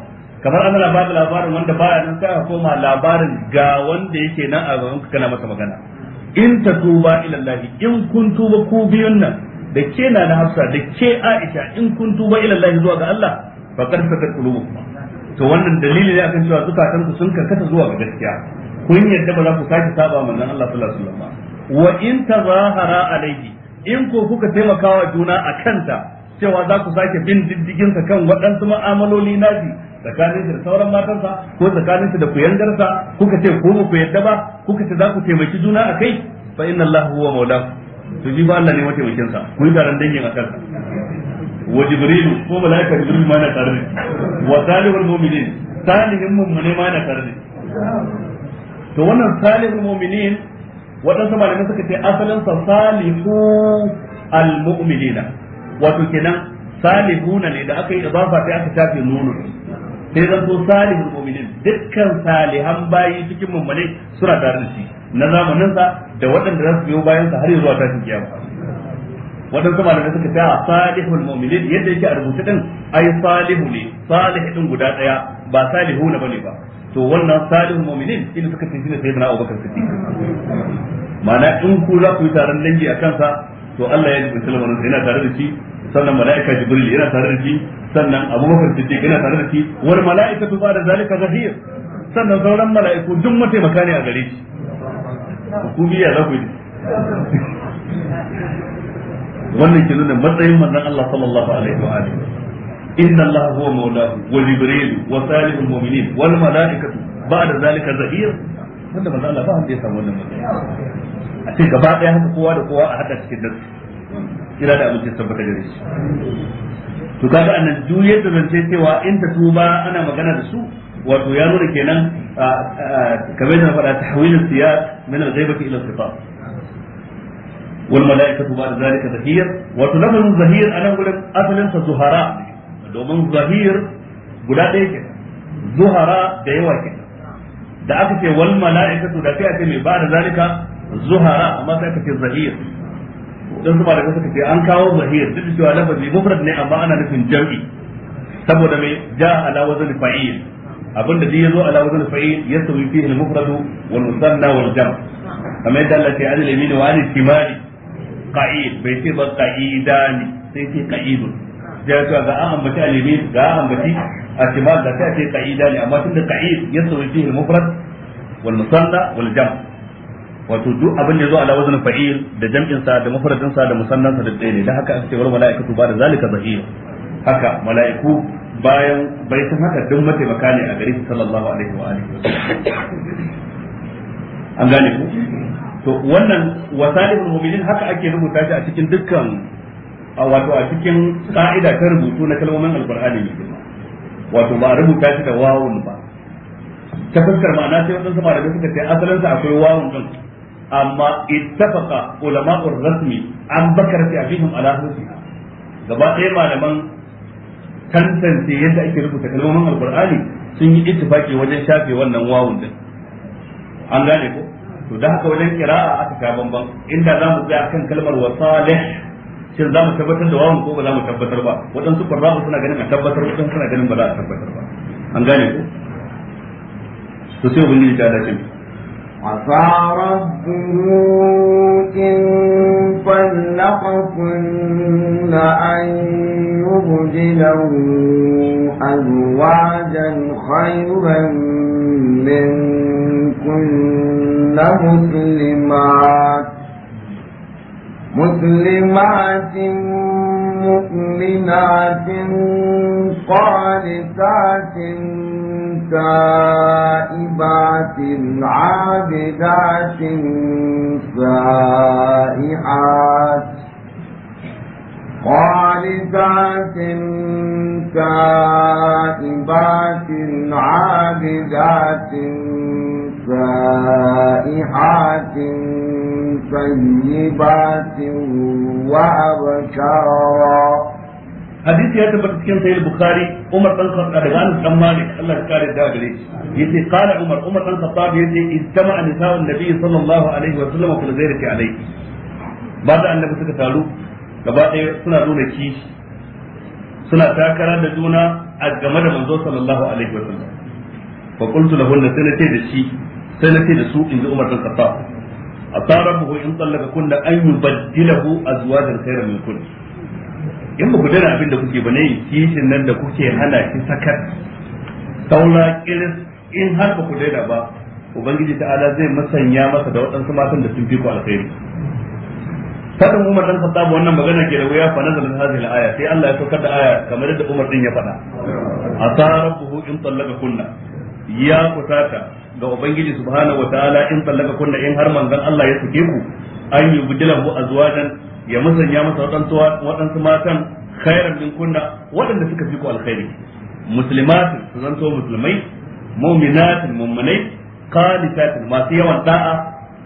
kamar ana ba da labarin wanda baya nan sai koma labarin ga wanda yake nan a gaban ka kana masa magana in ta tuba ila Allah in kun tuba ku biyun nan da ke na na Hafsa da ke Aisha in kun tuba ila Allah zuwa ga Allah fa kad sakat qulubukum to wannan dalili ne akan cewa zukatan ku sun karkata zuwa ga gaskiya kun yadda ba za ku sake saba manzon Allah sallallahu alaihi wasallam wa in tazahara alayhi in ko kuka taimakawa juna a kanta cewa za ku sake bin diddigin sa kan waɗansu ma'amaloli nazi tsakanin shi da sauran matansa ko tsakanin shi da kuyangarsa kuka ce ko ku yadda ba kuka ce za ku taimaki juna a kai fa inna Allah huwa maula to shi ba Allah ne mataimakin sa ku yi garan dangin a wa jibrilu ko malaika jibril ma na tare ne wa salihul mu'minin salihin mu'mini ma na tare to wannan salihul mu'minin wadansu malamai suka ce asalin sa salihu al-mu'minina wato kenan salihuna ne da aka yi idafa sai aka shafe nunu sai zan so salihul mu'minin dukkan salihan bayi cikin mummune suna tare da shi na zamanin sa da waɗanda za su biyo bayan sa har zuwa tashin kiyama waɗansu malamai suka ce a salihul mu'minin yadda yake a rubuce din ai salihu ne salihu din guda ɗaya ba salihu na bane ba to wannan salihul mu'minin shine suka ce shine sayyidina Abubakar Siddiq ma'ana in ku za ku yi taron dangi a kansa to Allah ya ji kusa yana tare da shi sannan mala'ika jibril yana tare da shi sannan abubakar siddiq yana tare da shi wal mala'ikatu ba'da zalika zahir sannan sauran mala'iku duk mataimaka ne a gare shi ku biya za ku yi wannan ke nuna matsayin manzon Allah sallallahu alaihi wa alihi inna Allah huwa maulahu wa jibril wa salihul mu'minin wal mala'ikatu ba'da zalika zahir wanda manzon Allah ba wanda ya samu wannan matsayi a ce gaba daya haka kowa da kowa a hada cikin nasu kira da abinci tabbata gare shi to kaga annan duk yadda zance cewa in ta tuba ana magana da su wato ya nuna kenan kamar da faɗa tahwilin siya min al-ghaibati ila al-khitab wal mala'ikatu ba'da zalika zahir wato lafazin zahir ana gurin asalin sa zuhara domin zahir guda ɗaya ke zuhara da yawa ke da aka ce wal mala'ikatu da sai a ce mai ba da zalika zuhara amma sai aka ce zahir don su ba da suka ce an kawo zahir duk da cewa lafazi mufrad ne amma ana nufin jam'i saboda mai ja ala wazn fa'il abinda da yazo ala wazn fa'il yasawi fihi al-mufrad wal musanna wal jam' kamar yadda Allah ya adala yamin wa anil shimali qa'id bai ce ba qa'idani sai ce qa'idun ja to ga an ambaci al-yamin ga an ambaci al-shimal da sai ce qa'idani amma tunda qa'id yasawi fihi al-mufrad wal musanna wal jam' wato duk abin da zo ala wazn fa'il da jam'in sa da mufradin sa da musannan sa da ɗaya ne dan haka aka ce wal malaikatu ba da zalika zahir haka malaiku bayan bai san haka duk mataimaka ne a gare shi sallallahu alaihi wa alihi an gane ku to wannan wasalihul mu'minin haka ake rubuta shi a cikin dukkan wato a cikin ka'ida ta rubutu na kalmomin alqur'ani ne wato ba rubuta shi da wawun ba ta fuskar ma'ana sai wadansu malamai suka ce asalin sa akwai wawun din amma ittafaqa ulama'ur rasmi an bakar fi abihim ala husiha gaba ɗaya malaman tantance yadda ake rubuta kalmomin alqur'ani sun yi ittifaki wajen shafe wannan wawun din an gane ko to da haka wajen kira'a aka ka bamban inda za mu tsaya kan kalmar wa salih shin za mu tabbatar da wawun ko ba za mu tabbatar ba waɗansu qurra'u suna ganin a tabbatar waɗansu suna ganin ba za a tabbatar ba an gane ko to sai ubangiji ta dace عسى ربه إن طلقكن أن يبدله أزواجا خيرا منكن مسلمات مسلمات مؤمنات قانتات تائبات عابدات سائحات خالدات تائبات عابدات سائحات طيبات وأبكارا hadisi ya tabbata cikin sahih bukhari umar dan khattab daga anas dan malik Allah ya kare da gare shi yace qala umar umar dan khattab yace istama'a nisa'un nabiy sallallahu alaihi wa sallam fil ghayrati alaihi ba da annabi suka taru gaba ɗaya suna nuna kishi suna takara da juna a game da manzo sallallahu alaihi wa sallam fa qultu lahunna sai nace da shi sai nace da su inji umar dan khattab asarabu in tallaka kunna an yubaddilahu azwajan khayran min kunna in ba ku dana abin da kuke ba ne kishin nan da kuke hana shi sakar saura kiris in har ba ku daina ba ubangiji ta'ala zai masanya masa da waɗansu matan da sun fi ku alkhairi mu Umar dan Khattab wannan magana ke da wuya fa nazalat hadhihi al-aya sai Allah ya saukar da aya kamar yadda Umar din ya faɗa asa rabbuhu in tallaka kunna ya kusata ga ubangiji subhanahu wataala in tallaka kunna in har manzon Allah ya sake ku an yubdilahu azwajan ya musanya masa waɗansu matan khairan min kunna waɗanda suka fi ku alkhairi muslimatin su zanto musulmai mu'minatin mu'minai qanitatin masu yawan da'a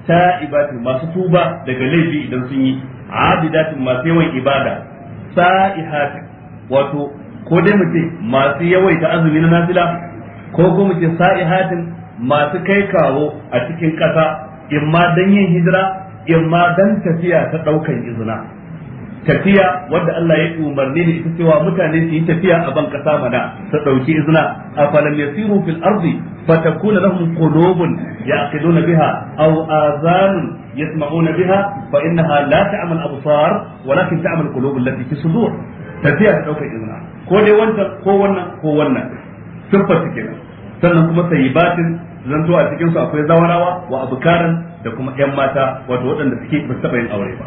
ta'ibatin masu tuba daga laifi idan sun yi abidatin masu yawan ibada sa'ihatin wato ko dai mu ce masu yawaita azumi na nafila ko ko mu ce sa'ihatin masu kai kawo a cikin ƙasa in ma dan yin hijira in dan tafiya ta daukan izina tafiya wadda Allah ya umarni da ita cewa mutane su yi tafiya a ban mana ta ɗauki izina a falam yasiru fil arzi. fatakuna lahum qulubun yaqiluna biha aw azanun yasma'una biha fa innaha la ta'mal absar walakin ta'mal qulub allati fi sudur tafiya ta daukan izina ko dai wannan ko wannan ko wannan siffar kenan sannan kuma sayibatin zanto a cikinsu akwai zawarawa wa abkaran da kuma yan mata wato waɗanda suke ba taɓa yin aure ba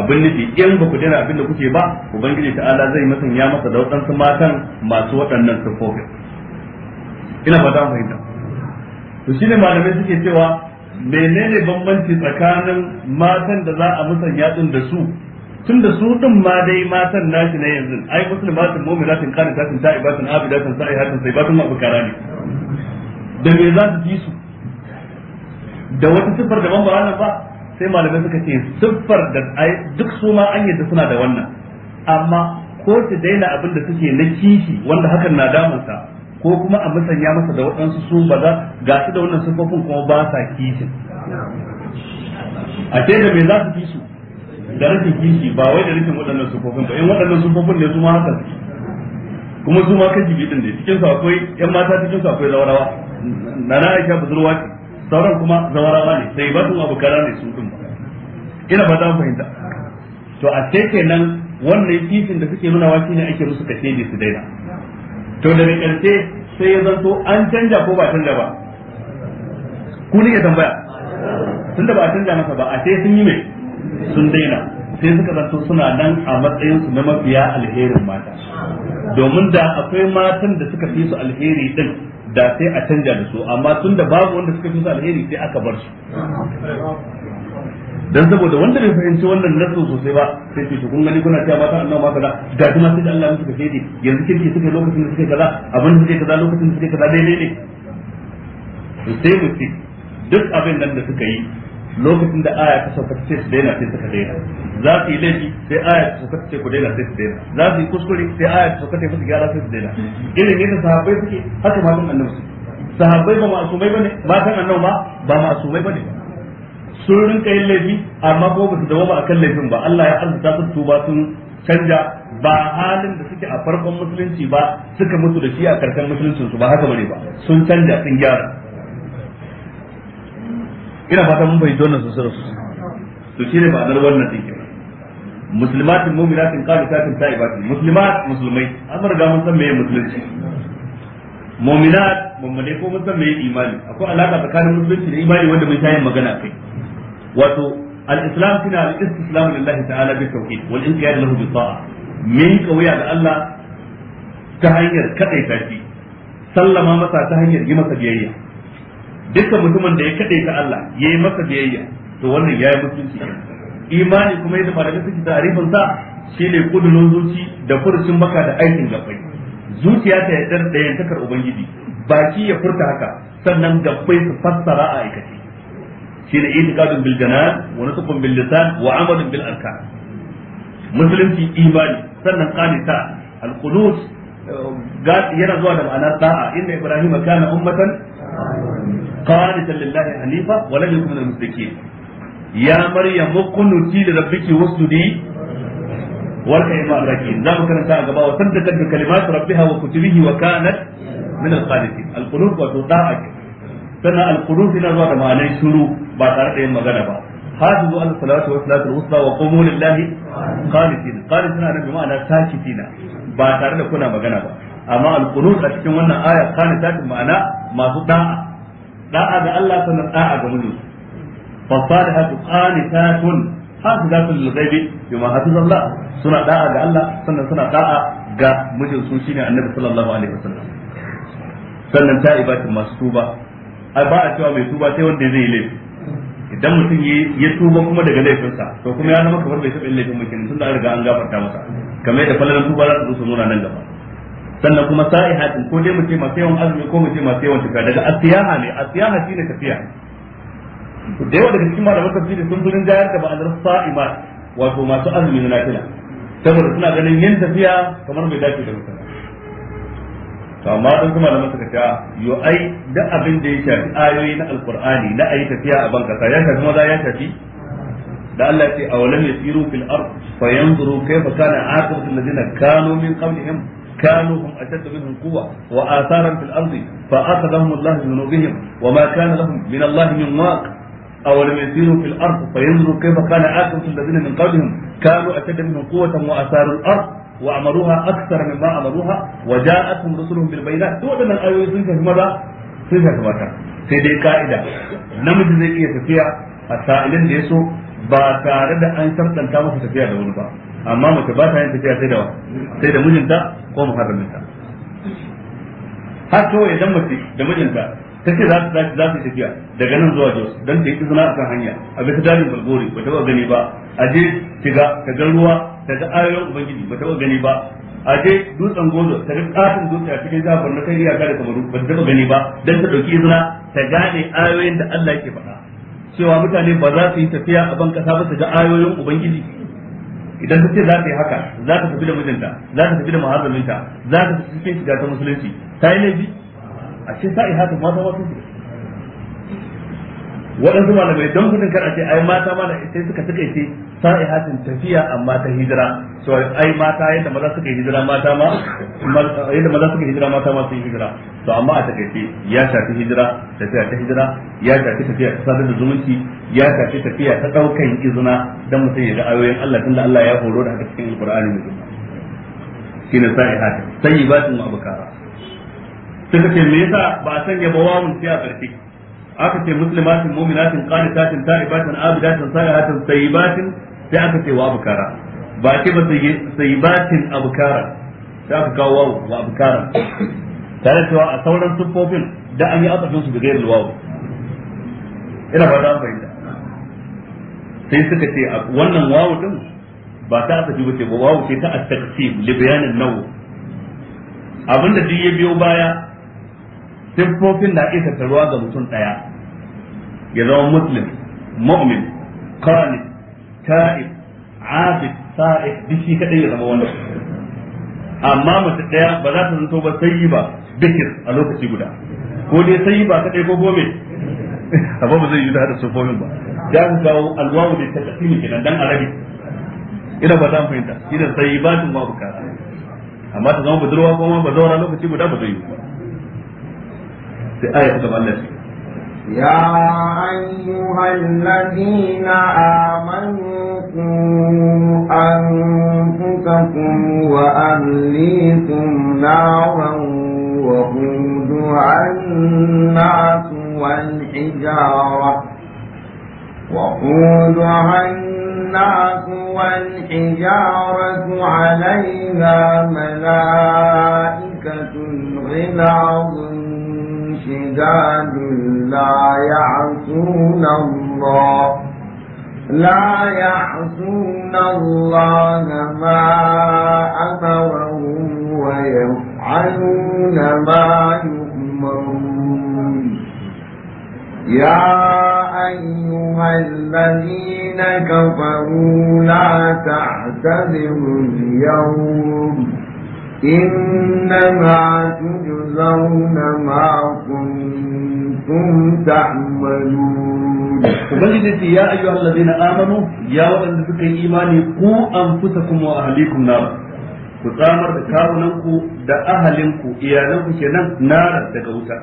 abin nufi in ba ku daina abin da kuke ba ubangiji ta'ala zai masanya masa da waɗansu matan masu waɗannan sufofin ina ba an fahimta to shi ne malamai suke cewa menene bambanci tsakanin matan da za a musanya ɗin da su tun da su din ma dai matan nashi na yanzu ai muslimatin mu'minatin qanitatin ta'ibatin abidatin sa'ihatin sayyibatin mabukara ne da me za su ji su da wata siffar daban ba wannan ba sai malamai suka ce siffar da duk su ma an yadda suna da wannan amma ko ta daina abin da suke na kishi wanda hakan na damunsa ko kuma a musanya masa da waɗansu su ba za ga su da wannan siffofin kuma ba sa kishin a ce da me za su kishi da rashin kishi ba wai da rashin waɗannan siffofin ba in waɗannan siffofin ne su ma haka kuma su ma jibi din ne cikin su akwai yan mata cikin su akwai zawarawa na na aisha budurwa ce sauran kuma zawarawa ne sai ba su abukara ne su din ina ba za mu fahimta to a sai kenan wannan kifin da suke nuna waki ne ake musu kace ne su daina to da daga karshe sai ya zanto an canja ko ba canja ba ku ne tambaya tun da ba a canja masa ba a sai sun yi mai sun daina sai suka zanto suna nan a matsayin su na mafiya alherin mata domin da akwai matan da suka fi su alheri din da sai a canja da su amma tun da babu wanda suka fi su alheri sai aka bar su dan saboda wanda bai fahimci wannan nasu sosai ba sai su kun gani kuna cewa mata annabawa kaza ga kuma sai Allah musu kake ne yanzu kike suka lokacin da suke kaza abin da suke kaza lokacin da suke kaza daidai ne sai mu duk abin nan da suka yi lokacin da aya ta sauka ce su daina sai suka daina za su yi laifi sai aya ta sauka ce ku daina sai su daina za su yi kuskure sai aya ta sauka sai su gyara sai su daina irin yadda sahabbai suke haka matan annabi suke sahabbai ba masumai bane matan annabi ma ba masumai bane sun rinka yin laifi amma ko ba su dawo ba akan laifin ba Allah ya arzuta su tuba sun canja ba halin da suke a farkon musulunci ba suka mutu da shi a karshen su ba haka bane ba sun canja sun gyara ina fata mun bai dona sosai da sosai to shine ma'anar wannan din kenan muslimatin mu'minatin qanitatin ta'ibatin muslimat musulmai an riga mun san meye musulunci mu'minat mummune ko mun san meye imani akwai alaka tsakanin musulunci da imani wanda mun tayin magana kai wato al-islam shine al-istislamu lillahi ta'ala bi tawhid wal inqiyad lahu min kawiya da Allah ta hanyar kadaita shi sallama masa ta hanyar yi masa biyayya dukkan mutumin da ya kaɗe ta Allah ya yi masa biyayya to wannan ya yayi mutunci imani kuma yadda malamin suke tarifin sa shine kudurin zuci da furucin baka da aikin gabbai zuciya ta yadda da yantakar ubangiji baki ya furta haka sannan gabbai su fassara a aikace shine itiqadun bil janan wa nutqun bil lisan wa amalun bil arkan musulunci imani sannan qanita al qunut eh, yana zuwa da ma'anar da'a inna ibrahim kana ummatan qanitan lillahi hanifa wa lam yakun minal ya maryam kunuti li rabbiki wasjudi warka'i ma'a rakin za mu karanta a gaba wa saddaqat bi kalimati rabbiha wa kutubihi wa kanat min al-qanitin al-qunut wa tuda'a sannan al-qunut yana da ma'anar shiru ba tare da yin magana ba حافظوا على الصلاة والصلاة الوسطى وقوموا لله قانتين قانتين أنا بمعنى ساكتين ba tare da kuna magana ba amma alqunut a cikin wannan aya qanitatun ma'ana masu da'a da'a ga Allah sannan da'a ga mijin fasalihatu qanitatun hafizatul ghaibi hafiz Allah suna da'a ga Allah sannan suna da'a ga mijin su shine annabi sallallahu alaihi wasallam sannan ta'ibatun masu tuba ai ba a cewa mai tuba sai wanda zai yi laifi idan mutum ya tuba kuma daga laifinsa to kuma ya zama kamar bai taɓa laifin mutum tun da an riga an gafarta masa kamar yadda falalan tuba za su zo su nuna nan gaba sannan kuma sa'ihatin ko dai mu ce masu yawan azumi ko mu ce masu yawan tafiya daga asiyaha ne asiyaha ne tafiya da yawa daga cikin malamar tafsiri sun gurin jayar da ma'anar sa'ima wato masu azumi na nafila saboda suna ganin yin tafiya kamar mai dace da mutum to amma dan kuma malaman suka ce yo ai da abin da ya shafi ayoyi na alqur'ani na ayi tafiya a banka ya shafi maza ya shafi da Allah ya ce awalam yasiru fil ard fayanzuru kayfa kana aqibatu alladhina kanu min qablihim كانوا هم أشد منهم قوة وآثارا في الأرض فأخذهم الله بذنوبهم وما كان لهم من الله من واق أولم يسيروا في الأرض فينظروا كيف كان عاقبة الذين من قبلهم كانوا أشد منهم قوة وآثاروا الأرض وعمروها أكثر مما عمروها وجاءتهم رسلهم بالبينات سوى أن الآية سنشة ماذا؟ سنشة ماذا؟ سيدي قائدة نمج زي إيه تفيع السائلين ديسو ba tare da an shartanta masa tafiya da wani ba amma mace ba ta yin tafiya sai da sai da mijinta ko muharraminta har to idan mace da mijinta ta ce za ta tafiya daga nan zuwa Jos don ta yi izina a kan hanya a bisa dalin balgori ba ta ba gani ba a je shiga ta ga ruwa ta ga ayoyin ubangiji ba ta ba gani ba a je dutsen gozo ta ga katin dutse a cikin zafin na kai iyaka da Kamaru ba ta ba gani ba don ta dauki izina ta gane ayoyin da Allah ke faɗa cewa mutane ba za su yi tafiya a ban kasa ba su ga ayoyin ubangiji idan ta ce za ta yi haka za ta tafi da mijinta za ta tafi da muharraminta za ta tafi cikin shiga ta musulunci ta yi laifi a ce sa'i haka mata wasu waɗansu malamai don gudun kar a ce ai mata na sai suka suka ce sa'i hatin tafiya amma ta hijira so ai mata yadda maza suka hijira mata ma yadda maza suka hijira mata ma sun hijira to amma a ce ya shafi hijira tafiya ta hijira ya shafi tafiya ta sadar da zumunci ya shafi tafiya ta daukan izina don mutum ya ga ayoyin Allah tunda Allah ya horo da haka cikin alƙur'ani mai girma shine sa'i hatin sayyibatin wa abkara suka ce me yasa ba a sanya mun sai a ƙarfi aka ce muslimatin mu'minatin qanitatin ta'ibatin abidatin salihatin sayyibatin sai aka ce wa abukara ba ce ba sayyibatin abukara sai aka kawo wawu wa abukara tare cewa a sauran siffofin da an yi asafin su da gairar wawu ina ba za fahimta sai suka ce wannan wawu din ba ta asafi ba ce ba wawu ce ta at-taqsim li bayanin nawu abinda duk ya biyo baya siffofin na ake tattaruwa ga mutum daya ya zama muslim mu'min qanit ta'ib abid sa'id shi kadai ya zama wannan amma mace daya ba za ta zanto ba sai ba bikir a lokaci guda ko dai sai ba kadai ko gome amma ba zai yi da hada siffofin ba ya ku kawo alwawu da takasimi kenan dan arabi ina ba mu fahimta idan sai ba tun ma bukata amma ta zama budurwa ko ma ba zaura lokaci guda ba zai yi ba sai aya ta gaba Allah يا أيها الذين آمنوا قوا أنفسكم وأهليكم نارا وقودها الناس والحجارة وقودها الناس والحجارة عليها ملائكة غلاظ شداد لا يعصون الله لا يعصون الله ما أمرهم ويفعلون ما يؤمرون يا أيها الذين كفروا لا تعتذروا اليوم إنما تجزون ما كنتم تعملون وبلد يا ya الذين آمنوا يا وأن تكون إيماني قوا أنفسكم وأهليكم نارا ku tsamar da kawunanku da ahalinku iyalanku kenan nara daga wuta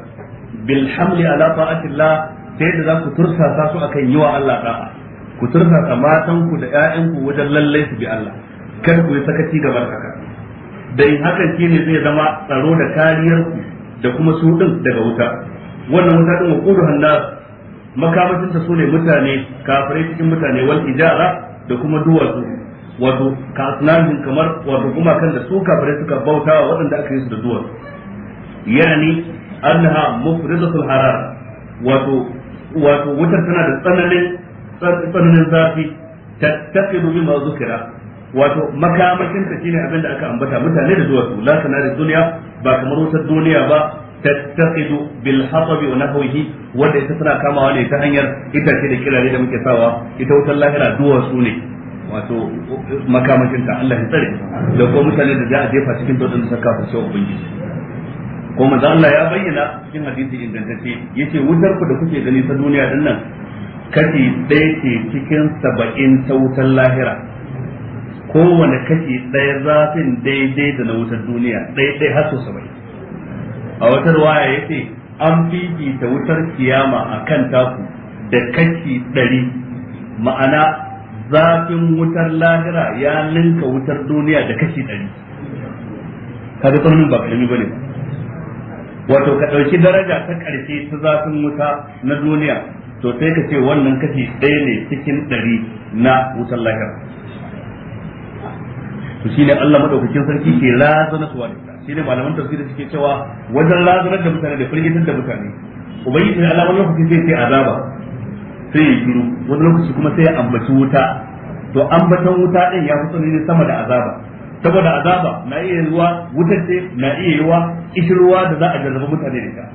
bil hamli ala ta'atillah sai da za ku tursasa su yiwa Allah da'a ku tursasa matanku da 'ya'yanku wajen lallai su bi Allah kar ku yi sakaci gaban haka da hakan shi ne zai zama tsaro da kariyar da kuma su din daga wuta wannan wuta din wakudu hanna makamacinta su ne mutane kafirai cikin mutane wal ijara da kuma duwatsu wato ka asnamin kamar wato kuma kan da su kafirai suka bauta wa waɗanda aka yi su da duwatsu yani annaha mufridatul harar wato wato wutar tana da tsananin tsananin zafi tattaqidu bima zukira wato makamashin ta shine abin da aka ambata mutane da zuwa su la kana da duniya ba kamar wutar duniya ba tattaqidu bil hatabi wa nahwihi wanda ita tana kamawa ne ta hanyar itace da kirare da muke sawa ita wutar lahira duwa su ne wato makamashin ta Allah ya tsare da kuma mutane da za a jefa cikin dodon da kafa sai ubangiji ko manzo Allah ya bayyana cikin hadisi ingantacce yace wutar ku da kuke gani ta duniya dinnan kashi ɗaya ce cikin saba'in ta wutar lahira kowane kashi ɗaya zafin daidai da na wutar duniya daidai har so a wata ruwaya ya ce an fifita wutar kiyama a kan taku da kashi ɗari ma'ana zafin wutar lahira ya ninka wutar duniya da kashi ɗari kaga tsananin ba kalmi ba ne. wato ka ɗauki daraja ta ƙarshe ta zafin wuta na duniya to sai ka ce wannan kashi ɗaya ne cikin ɗari na wutar lahira to shine Allah madaukakin sarki ke razana suwa da ita shine malaman tafsiri suke cewa wajen razanar da mutane da firgitar da mutane ubangiji Allah wani lokaci sai sai azaba sai ya kiro wani lokaci kuma sai ya ambaci wuta to ambatan wuta din ya fi ne sama da azaba saboda azaba na iya ruwa wutar ce na iya ruwa kishirwa da za a jarraba mutane da ita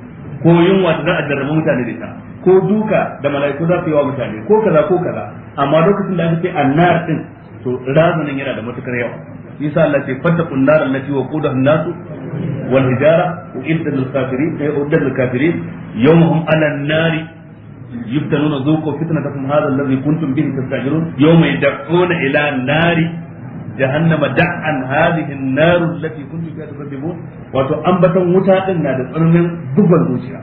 ko yunwa da za a jarraba mutane da ita ko duka da mala'iku za su yi wa mutane ko kaza ko kaza amma lokacin da aka ce annar din to razanin yana da matukar yawa yasa Allah ce fattaqun nar allati waqudaha an-nas wal hijara uiddat lil kafirin ay uiddat lil kafirin yawmahum ala an-nar yuftanuna dhuqu fitnatakum hadha alladhi kuntum bihi tastajirun yawma yad'una ila an-nar جهنم دعا هذه النار التي كنتم فيها تكذبون wato ambatan wuta din na da tsananin bugun zuciya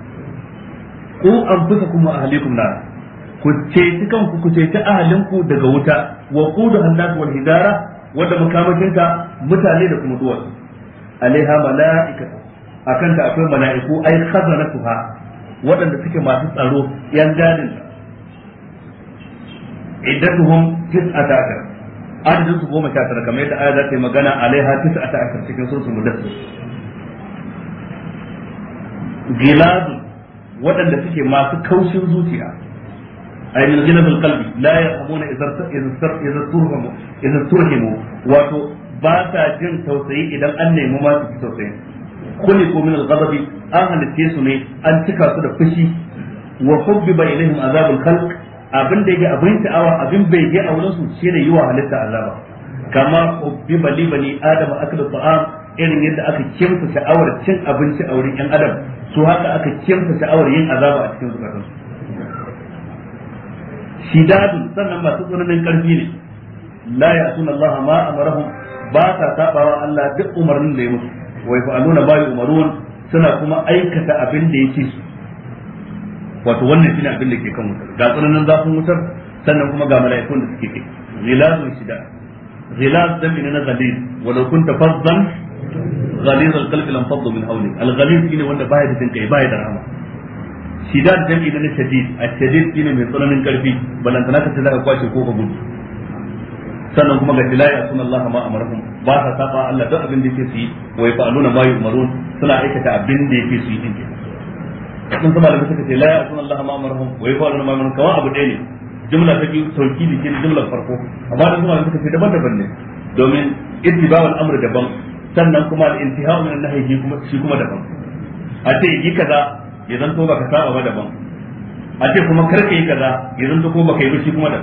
ku anfusakum wa ahlikum nar ku ceci kanku ku ceci ahalinku daga wuta wa qudu hannatu wal hidara wanda makamashin ta mutane da kuma duwatsu alaiha mala'ikatu akan ta akwai mala'iku ai khazanatuha waɗanda suke masu tsaro yan gadin iddatuhum tis'ata akar adadin su goma sha tara kamar yadda aya za ta yi magana alaiha tis'ata akar cikin sun su mudassir gilazun waɗanda suke masu kaushin zuciya ay min ghilab alqalbi la yahmuna idza idza turhamu idza turhamu wato ba sa jin tausayi idan an nemi ma su tausayi kulli ko min alghadabi an halitte su ne an cika su da fushi wa hubbiba ilaihim azabul khalq abin da yake abin ta'awa abin bai ga a wurin su shine yiwa halitta azaba kama hubbiba li bani adam aklu ta'am irin yadda aka kimsa sha'awar cin abinci a wurin yan adam su haka aka kimsa sha'awar yin azaba a cikin zukatansu shidadun sannan masu tsananin karfi ne la ya'tuna Allah ma amarahum ba sa sabawa Allah duk umarnin da ya musu wa yaf'aluna ma yu'marun suna kuma aikata abin da yake su wato wannan shine abin da ke kan wutar ga tsananin zafin wutar sannan kuma ga mala'ikun da suke kai zilazun zalil غليظ القلب لم فضوا من حولك الغليظ شنو wanda baya da tinkai baya shidad jam'i na shadid ashadid shine mai tsananin karfi balantana ka za ka kwace ko ka gudu sannan kuma ga tilaya sun Allah ma amarhum ba sa saba Allah duk abin da yake su yi ma yumarun suna aikata abin da yake su yi din suka ce Allah ma amarhum ma yumarun kawai abu ne jumla ta biyu sauki jumlar farko amma suka ce daban-daban ne domin ittiba'ul amr daban sannan kuma al-intihau min an-nahyi kuma shi kuma daban a ce yi kaza ya zanto ka saba ba daban a ce kuma kar ka yi kaza ya zanto ko ka yi ba shi kuma da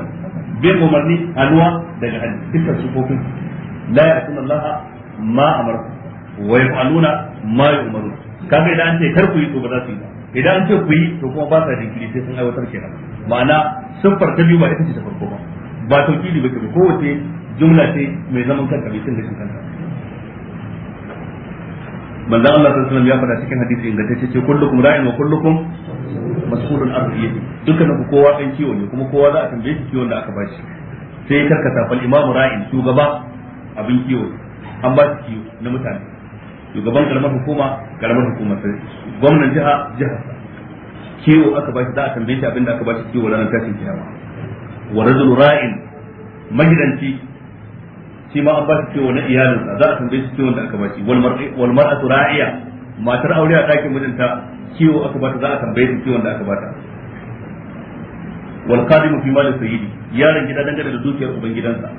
bin umarni alwa daga hali su sufofin la ya'tuna Allah ma amara wa yaf'aluna ma umaru kaga idan an ce kar ku yi to ba za su yi ba idan an ce ku yi to kuma ba sa jinkiri sai sun aiwatar nan ma'ana siffar ta biyu ba ita ce ta farko ba ba tauki ne ba ke kowace jumla ce mai zaman kanta mai cin gashin kanta manzon Allah sallallahu alaihi wasallam ya faɗa cikin hadisi ta ce kullukum ra'in wa kullukum mas'ulun an ra'iyati dukkan ku kowa kan kiwo ne kuma kowa za a tambaye shi kiwon da aka bashi sai ya karkata fal imamu ra'in shugaba abin kiwo an ba shi kiwo na mutane shugaban karamar hukuma karamar hukumar sai gwamnan jiha jiha. kiwo aka bashi za a tambaye shi abin da aka bashi kiwo ranar tashin kiyama wa rajul ra'in magidanci shi ma an ba shi ciwo na iyalinsa za a tambaye shi ciwon da aka ba shi wal mar'atu ra'iya matar aure a ɗakin mijinta ciwo aka bata za a tambaye shi ciwon da aka bata wal qadimu fi mali sayyidi yaron gida dangane da dukiyar ubangidansa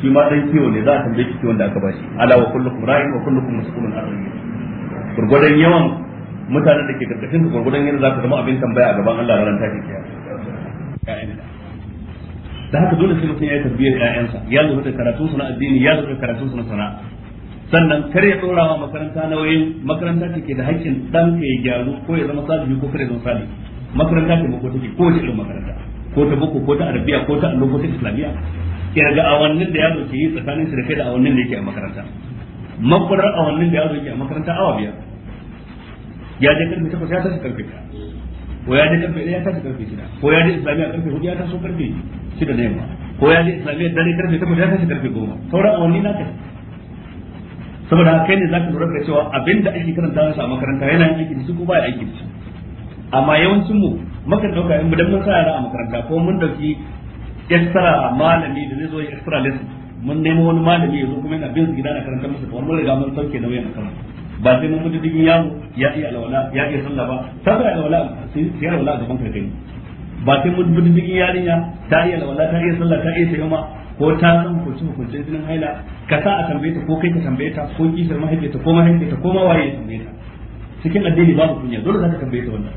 shi ma dan ciwo ne za a tambaye shi ciwon da aka ba shi ala wa kullukum ra'in wa kullukum mas'ulun an rayyihi gurgudan yawan mutanen da ke karkashin gurgudan yadda za ka zama abin tambaya a gaban Allah ranar tashin kiyama da haka dole sai mutum ya yi tarbiyyar ƴaƴansa ya zo da karatun suna addini ya zo da karatun suna sana'a sannan kar ya tsora wa makaranta wayin makaranta ce ke da haƙƙin dan ka ya gyaru ko ya zama salihi ko kare zama salihi makaranta ce ko take ko wace irin makaranta ko ta boko ko ta arabiya ko ta allo ko ta islamiya ga awannin da yaro ke yi tsakanin shi da kai da awannin da yake a makaranta makwarar awannin da yaro ke a makaranta awa biyar ya je karfe takwas ya tashi karfe biyar ko ya je karfe ɗaya ya tashi karfe shida ko ya je islamiyya karfe hudu ya taso karfe shida na yamma ko ya je islamiyya dare karfe takwas ya tashi karfe goma sauran awanni na kai saboda kai ne zaka lura da cewa abinda ake karanta a makaranta yana yin aiki da shi ko ba aiki da shi amma yawancin mu mukan dauka in dan mun sa yara a makaranta ko mun dauki extra malami da zai zo extra lesson mun nemo wani malami ya zo kuma yana bin su gida na karanta musu kamar mun riga mun sauke nauyin a karanta ba sai mun mutudigin yamu ya iya alwala ya iya sallah ba ta sai alwala sai sai alwala gaban ka ba sai mun mutudigin yarinya ta iya alwala ta iya sallah ta iya tayyuma ko ta san hukunci hukunci jinin haila ka sa a tambaye ta ko kai ka tambaye ta ko kisar mahaifiyarta ko mahaifiyarta ko ma waye ya tambaye ta cikin addini babu kunya dole za ka tambaye ta wannan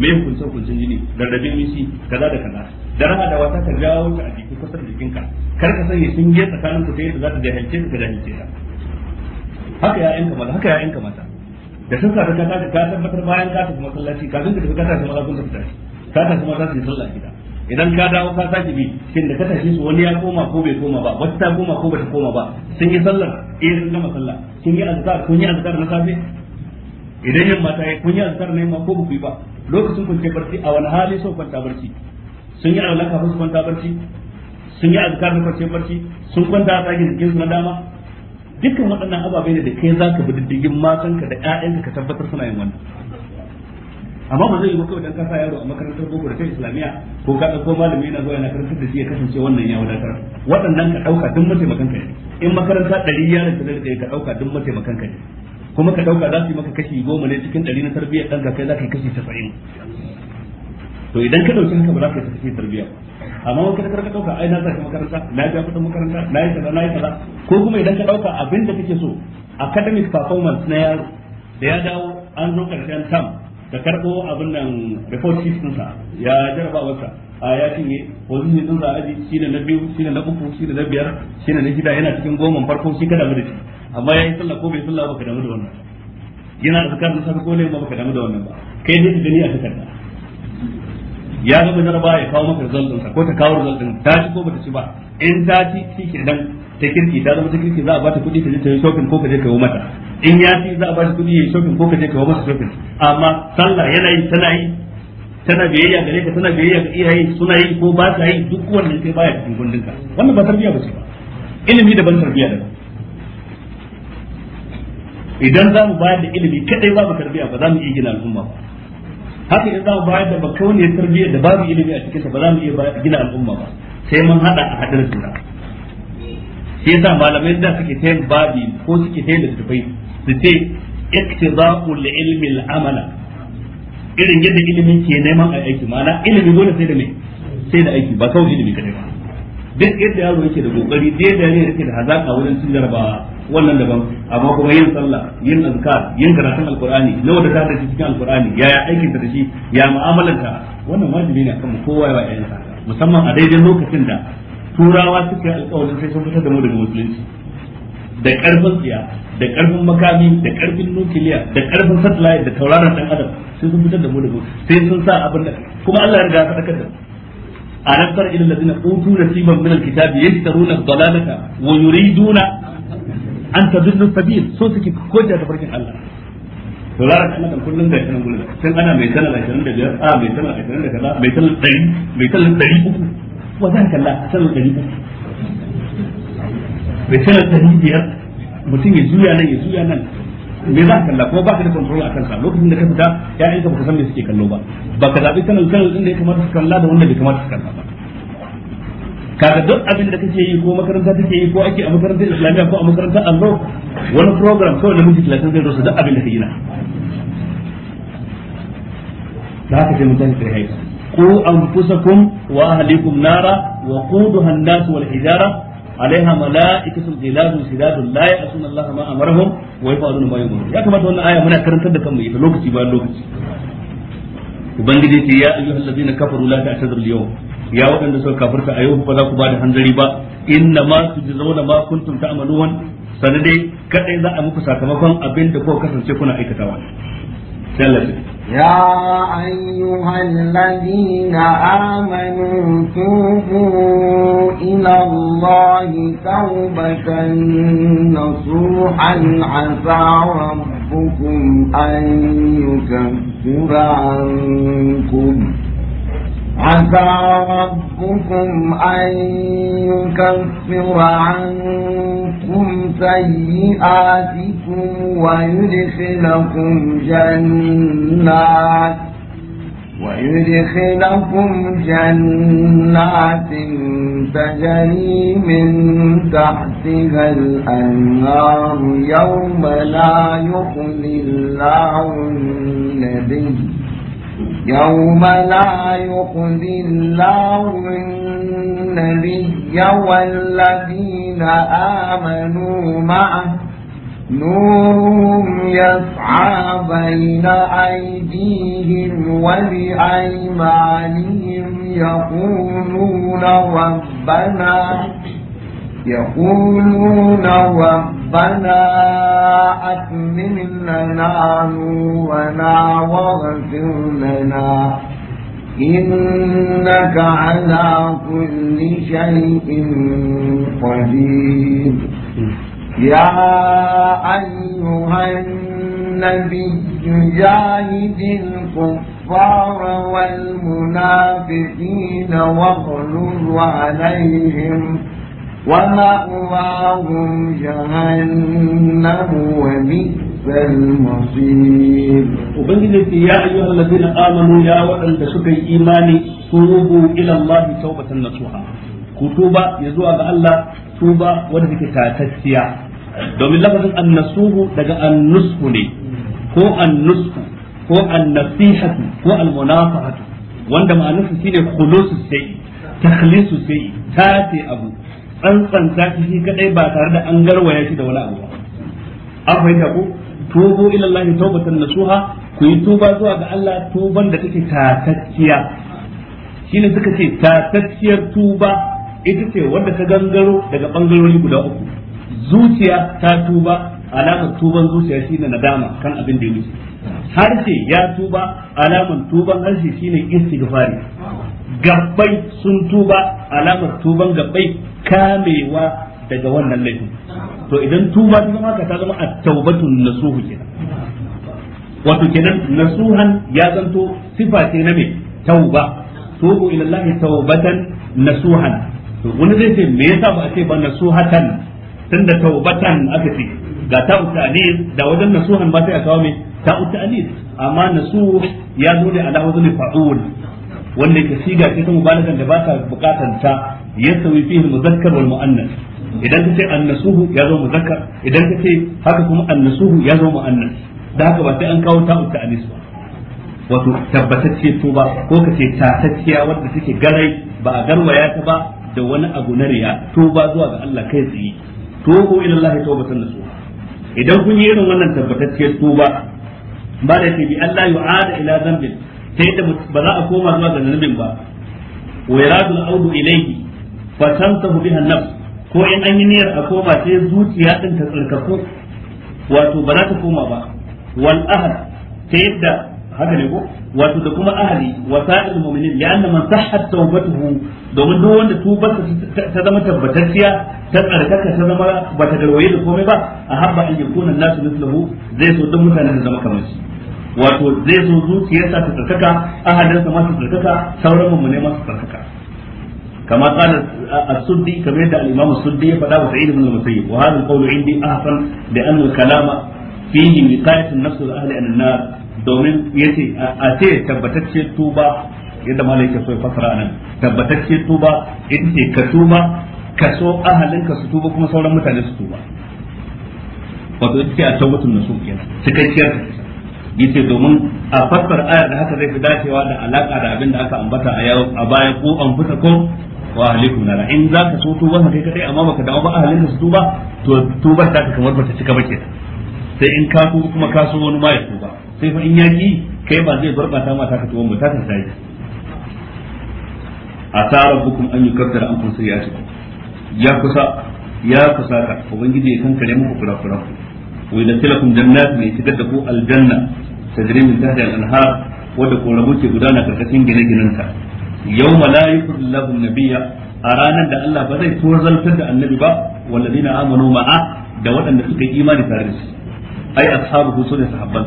me hukunce hukuncin jini rarrabin mishi kaza da kaza da rana da wata ka jawo ta a jiki kusa da jikinka kar ka sanya sun je tsakanin ku ta yadda za ta jahilce ka jahilce ta haka ya ya'yanka mata haka ya ya'yanka mata da sassa da ka ka tabbatar bayan ka tafi masallaci ka dinka tafi ka tafi maza kun tafi ka tafi maza su yi sallah gida idan ka dawo ka saki bi shin da ka tashi su wani ya koma ko bai koma ba wata ta koma ko bata koma ba sun yi sallar eh sun gama sallah sun yi azkar kun yi azkar na safe idan yamma ta yi kun yi azkar na yamma ko ba ku yi ba lokacin kun ce barci a wani hali so kwanta barci sun yi alaka su kwanta barci sun yi azkar na kwance barci sun kwanta a tsakin jikin su na dama dukkan waɗannan ababai ne da kai za ka bi diddigin matanka da ƴaƴanka ka tabbatar suna yin wannan amma ba zai yi kawai dan kasa yaro a makarantar boko da ta islamiyya ko ka ko malami yana zuwa yana karantar da shi ya kasance wannan ya wadatar waɗannan ka ɗauka duk mataimakan ka ne in makaranta ɗari yaron ta zai ka ɗauka duk mataimakan ka ne kuma ka ɗauka za su yi maka kashi goma ne cikin ɗari na tarbiyyar ka kai za ka yi kashi casa'in to idan ka dauki haka ba za ka yi tafi tarbiyya amma wani kada karka dauka ai na saka makaranta na ja kudin makaranta na yi kaza na yi kaza ko kuma idan ka dauka abin da kake so academic performance na yaro da ya dawo an zo karshen tam ka karbo abin nan report sheet din sa ya jaraba wata a ya cinye wani ne ɗin aji shi ne na biyu shi ne na uku shi ne na biyar shi ne na shida yana cikin goma farko shi kada mu da shi amma ya yi sallah ko bai sallah ba ka damu da wannan yana da zakar da safe ne ba ka damu da wannan ba kai ne da ni a takarda ya gama jaraba ya kawo maka result ko ta kawo result ɗin ta ci ko bata ci ba in ta ci shi ke dan ta kirki ta zama ta kirki za a bata kuɗi ka je ta yi shopping ko ka je ka yi mata in ya ci za a bata kuɗi ya yi shopping ko ka je ka yi mata shopping amma sallah yana yi tana yi tana biyayya gare ka tana biyayya ga iyaye suna yi ko ba ta yi duk wannan sai baya cikin gundin ka wannan ba tarbiyya ba ce ba ilimi da ban tarbiyya da idan za mu bayar da ilimi kadai mu tarbiyya ba za mu iya gina al'umma ba haka in za bayar da makauniyar tarbiyyar da babu ilimi a cikinsa ba za mu iya gina al'umma ba sai mun hada a hadar juna shi yasa malamai da suke ta yin babi ko suke ta yin littattafai su ce iktiba'ul ilmi al'amala irin yadda ilimi ke neman a aiki ma'ana ilimi dole sai da mai sai da aiki ba kawai ilimi kadai ba duk yadda yaro yake da kokari dai da ne yake da hazaka wurin cin jarabawa wannan daban amma kuma yin sallah yin azkar yin karatun alqur'ani nawa da ta cikin alqur'ani yaya aikin ta da shi ya mu'amalanta wannan wajibi ne akan kowa ya yi musamman a daidai lokacin da turawa suke alƙawarin sai sun fitar da mu daga musulunci da karfin siya da karfin makami da karfin nukiliya da karfin satellite da tauraron dan adam sai sun fitar da mu daga sai sun sa abin da kuma Allah ya riga ya da ألم تر إلى الذين أوتوا نصيبا من الكتاب dalalaka wa yuriduna an dunnu sabil so suke koja ta farkin Allah to lara kana kan kullun da kana gulla sai ana mai sanar da kana da biyar a mai sanar da kana da kaza mai sanar da mai sanar da uku zan kalla sanar da uku mai sanar da biyar mutum ya juya nan ya juya nan me za ka kalla kuma ba ka da control a kanka lokacin da ka fita ya'yanka baka san me suke kallo ba baka zabi sanar sanar din da ya kamata ka kalla da wanda bai kamata ka kalla ba kaga duk abin da kake yi ko makaranta take yi ko ake a makarantar islamiyya ko a makarantar allo wani program kawai na minti talatin zai rosa duk abin da ka yi na da haka sai mutane sai haika ku anfusakum wa ahlikum nara wa quduha an-nas wal hijara alaiha mala'ikatul ghilazun shidadun la ya'sun Allah ma amarahum wa yaf'aluna ma yu'marun ya kamata wannan aya muna karantar da kanmu ita lokaci bayan lokaci ubangiji ce ya ayyuhallazina kafaru la ta'tadiru al-yawm ya waɗanda suka kafirta a yau ba za ku ba da hanzari ba inna ma zauna ma kuntum amaluwan sanan dai kadai za a muku sakamakon abin da kuka kasance kuna aikatawa يا أيها الذين آمنوا توبوا إلى الله توبة نصوحا عسى ربكم أن يكفر عنكم عسى ربكم أن يكفر عنكم سيئاتكم ويدخلكم جنات ويدخلكم جنات تجري من تحتها الأنهار يوم لا يخزي الله النبي يوم لا يخزي الله النبي والذين آمنوا معه نورهم يسعى بين أيديهم وبأيمانهم يقولون ربنا يقولون ربنا أتمم لنا نورنا واغفر لنا إنك على كل شيء قدير يا أيها النبي جاهد الكفار والمنافقين واغلظ عليهم ومأواهم جهنم وبئس المصير وبنجد يا أيها الذين آمنوا يا وأن تسكي إيماني توبوا إلى الله توبة نصوحا كتوبة يزوى الله توبة ودك تاتسيا domin lafazin annasuhu daga nusku ne ko nusku ko annasihatu ko almunafahatu wanda ma'anarsa shine khulusu sai takhlisu sai tace abu an tsanta shi kadai ba tare da an garwaya shi da wani abu ba. fahimta ku tubu ila Allah tawbatan nasuha ku yi tuba zuwa ga Allah tuban da take tatacciya shine suka ce tatacciyar tuba ita ce wanda ta gangaro daga bangarori guda uku zuciya ta tuba alamar tuban zuciya shine nadama kan abin da ya wuce harshe ya tuba alamar tuban harshe shine istighfari gabbai sun tuba alamar tuban gabbai kamewa daga wannan laifin to idan tuba ta zama ka ta zama at-taubatun nasuhu kenan wato kenan nasuhan ya zanto sifa ce na me tauba tubu ila Allah taubatan nasuhan to wani zai ce me yasa ba a ce ba nasuhatan tunda taubatan aka ce ga ta utanis da wajen nasuhan ba sai a kawo me ta utanis amma nasuh ya zo da ala wazn fa'ul wanda ke siga ce ta mubalagan da ba ta bukatan ta yasawi fihi al-muzakkar wal mu'annas idan ka ce annasuhu ya zo muzakkar idan ka ce haka kuma annasuhu ya zo mu'annas da haka ba sai an kawo ta'u ta anis ba wato tabbatacce to ba ko ka ce tatacciya wanda take garai ba a garwaya ta ba da wani abu na riya to ba zuwa ga Allah kai tsaye to ko ila Allah tawbatan nasuha idan kun yi irin wannan tabbatacciyar tuba ba da ce bi Allah yu'ada ila zambin ta yadda ba za a koma zuwa ga zunubin ba wa yaradu al-audu ilayhi fatansahu biha hannan ko in an yi niyyar a koma sai zuciya ɗin ta tsarkaku wato ba za ta koma ba wal ahad ta yadda haka ne ko wato da kuma ahli wasa'il mu'minin ya anna man sahhat tawbatuhu domin duk wanda tubar ta zama tabbatacciya ta tsarkaka ta zama ba ta garwaye da komai ba a habba an yakuna nasu mislahu zai so duk mutanen su zama kamar shi wato zai so zuciyarsa ta tsarkaka ahalinsa ma ta tsarkaka sauran mummune ma su tsarkaka كما قال السدي كما يدعى الإمام السدي فلا سعيد بن المسيب وهذا القول عندي أحسن لأن الكلام فيه وقاية النفس الأهل أن النار domin ya ce a ce tabbatacce tuba yadda ma yake so ya fasara nan tabbatacce tuba ita ce ka tuba ka so ka su tuba kuma sauran mutane su tuba wato ita ce a taubatun nasu kenan cikakkiyar ta yace domin a fassara ayar da haka zai fi dacewa da alaka da abin da aka ambata a yau a baya ko an fusa ko wa alaikum nara in za ka so tuba kai kadai amma baka dawo ba ahalin su tuba to tuba ta kamar bata cika ba sai in ka tuba kuma ka so wani ma ya tuba sai fa in ya ki kai ba zai gurbata ma ta ka tuba mu ta ka sai tsara rabbukum an yukaffira ankum sai ya ya kusa ya kusa ka ubangiji ya kankare muku kurakuranku wa yudkhilukum jannatin ya shigar da ku aljanna tajri min tahtiha al-anhar wadda koramu ke gudana karkashin gine-ginen ta yawma la yukhrijul lahu nabiyya a ranar da Allah ba zai tura tozaltar da annabi ba walladina amanu ma'a da waɗanda suka yi imani tare da shi ai ashabuhu sunne sahabban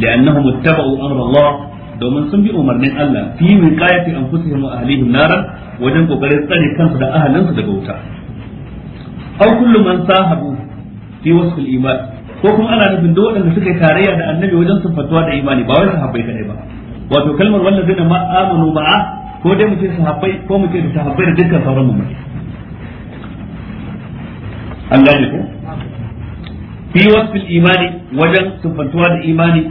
li'annahum ittaba'u amra Allah domin sun bi umarnin Allah fi min qayati anfusihim wa ahlihim nara wajen kokarin tsare kansa da ahalinsu daga wuta aw kullu man sahabu fi wasfil iman ko kuma ana nufin duk waɗanda suka yi tarayya da annabi wajen siffatuwa da imani ba wai sahabbai kadai ba wato kalmar wannan wallazina ma amanu ma'a ko dai mu ce sahabbai ko mu ce da sahabbai da dukkan sauran mu an gane ko fi wasfil imani wajen siffantuwa da imani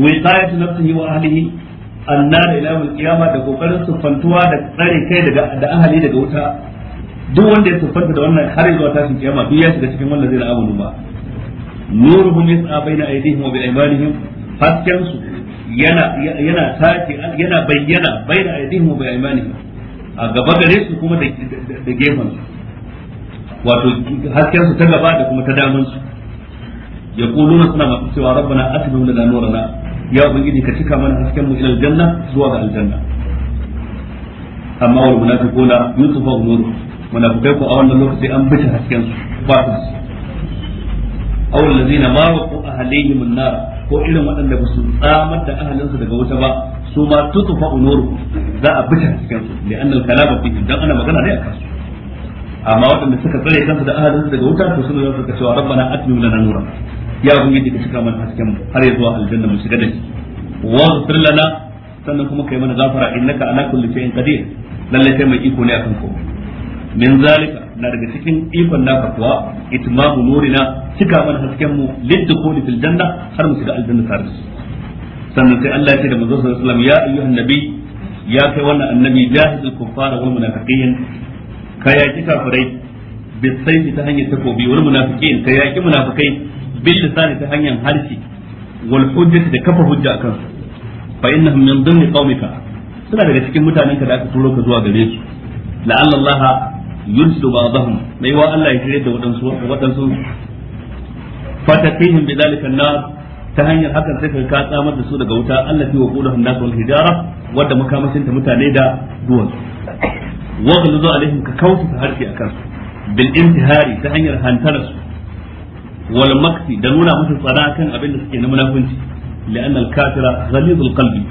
wiqayatu nafsihi wa ahlihi annar ila yawm al-qiyama da kokarin siffantuwa da tsare kai daga da ahli daga wuta duk wanda ya siffanta da wannan har zuwa tashin kiyama duk ya shiga cikin wannan zai amanu ba nuruhum yas'a baina aydihim wa bi aymanihim hasken su yana yana tashi yana bayyana baina aydihim wa bi aymanihim a gaba gare su kuma da gefen su wato hasken su ta gaba da kuma ta daman su ya yaquluna suna masu cewa rabbana atmim lana nurana ya ubangiji ka cika mana hasken mu ila aljanna zuwa ga aljanna amma wal munafiquna yutfa nuruhum munafiqai ko a wannan lokaci an bita hasken su ba su aw allazina ma waqu ahlihim an-nar ko irin waɗanda ba su tsamar da ahalinsu daga wuta ba su ma tutfa unuru za a bita cikin su li anna al-kalama dan ana magana ne akan su amma waɗanda suka tsare kansu da ahalinsu daga wuta to suna zaka cewa rabbana atmim lana nura ya ubangiji ka cika mana har ya zuwa aljanna mu shiga da shi wa ghfir sannan kuma kai mana gafara innaka ala kulli shay'in qadir lalle kai mai iko ne akan komai min zalika na daga cikin ikon na kuwa itmamu nurina cika mana hasken mu liddukhuli fil janna har mu shiga aljanna tare da su sannan sai Allah ya ce da manzo sallallahu alaihi wasallam ya ayyuhan nabi ya kai wannan annabi jahidul kuffara wal munafiqin ka yaki kafirai bisaifi ta hanyar takobi wal munafiqin ka yaki munafikai bil lisani ta hanyar harshe wal hujjati da kafa hujja akan su fa innahum min dhimni qaumika suna daga cikin mutanen ka da aka turo ka zuwa gare su la'alla Allah yunsidu ba'dahum mai wa Allah ya shirye da wadansu wadansu fatatihim bidhalika an-nar ta hanyar hakan sai ka ka tsamar da su daga wuta Allah fi waqulu da nas wal hijara wadda makamashin ta mutane da duwan wa ghalizu alaihim ka kautu harfi akan su bil intihari ta hanyar hantara su wal da nuna musu tsara kan abin da suke na munafunci لأن kafira غليظ kalbi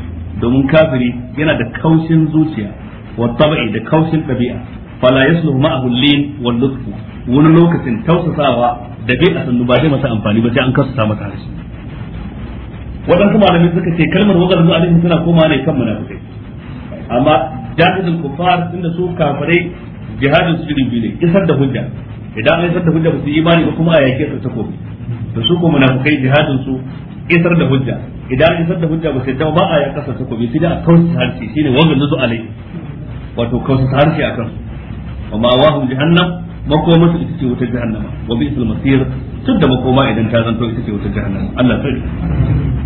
domin kafiri yana da kaushin zuciya wa tabi'i da kaushin ɗabi'a fala yasluhu ma'ahu lin wal lutfu wani lokacin tausasawa da bai a sannu ba zai masa amfani ba sai an kasuta masa harshe waɗansu malamai suka ce kalmar wakar zuwa alaihi suna koma ne kan munafikai amma jahilul kufar inda su kafirai jihadin su irin biyu ne isar da hujja idan an isar da hujja ba su imani ba kuma a yake su ta da su ko munafikai jihadin su isar da hujja idan an isar da hujja ba sai ta ba a ya kasa ta sai da a kausa harshe shine wakar zuwa alaihi wato kausa harshe a kansu وما واهم جهنم مقومة إتسي جهنم وبئس المصير تد مقومة إذا انتازن تو إتسي جهنم الله تجد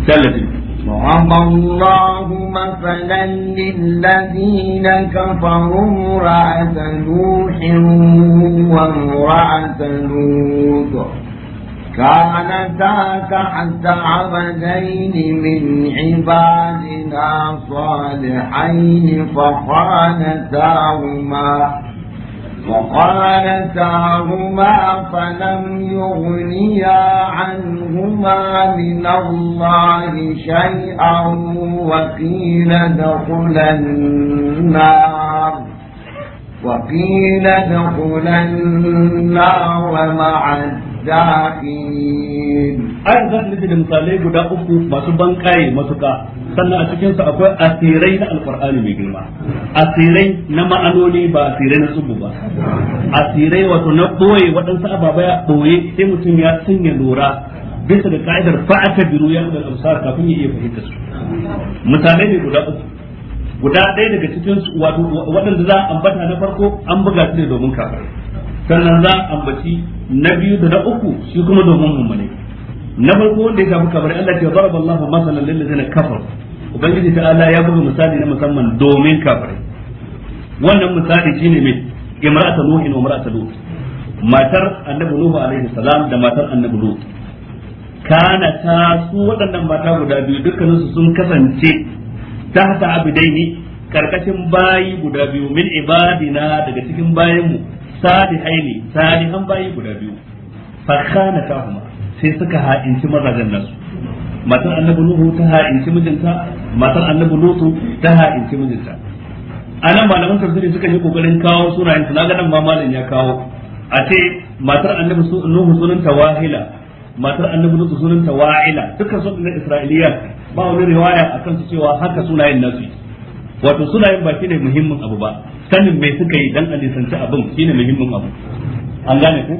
ثالثا ضرب الله مثلا للذين كفروا امرأة نوح وامرأة لوط كانتا تحت عبدين من عبادنا صالحين فخانتاهما وقال سعهما فلم يغنيا عنهما من الله شيئا وقيل ادخلا النار وقيل ادخلا النار مع الزاكين أين ذات نجد مثالي قد أكو ما سبان كاي ما سكا سنة أتكين سأقول أثيرين القرآن بجلما أثيرين نما أنوني با أثيرين سببا أثيرين وتنبوي وتنسى أبابا بوي سيمتن ياسين يلورا bisa da ka'idar fa'ata biru ya da amsar kafin ya iya fahimta su misalai ne guda uku guda ɗaya daga cikin wato waɗanda za a ambata na farko an buga su ne domin kafirai sannan za a ambaci na biyu da na uku shi kuma domin mummune na farko wanda ya shafi kamar Allah ce zaraba Allah masalan lil ladina kafaru ubangiji ta Allah ya buga misali na musamman domin kafirai wannan misali shine mai imra'atu nuhin wa imra'atu lut matar annabi nuhu alaihi salam da matar annabi lut kana ta su waɗannan mata guda biyu dukkaninsu sun kasance tahta abidaini karkashin bayi guda biyu min ibadina daga cikin bayanmu salihaini salihan bayi guda biyu fa ta kahuma sai suka ha'inci mazajen nasu matar annabi nuhu ta ha'inci mijinta matar annabi lutu ta ha'inci mijinta anan malaman tafsiri suka yi kokarin kawo sunayen su naga nan ma malam ya kawo a ce matar annabi nuhu sunanta wahila matar annabi lutu sunanta wa'ila dukkan su na isra'iliya ba wani riwaya akan su cewa haka sunayen nasu wato sunayen ba shine muhimmin abu ba sanin mai suka yi dan a nisanci abin ne muhimmin abu an gane ku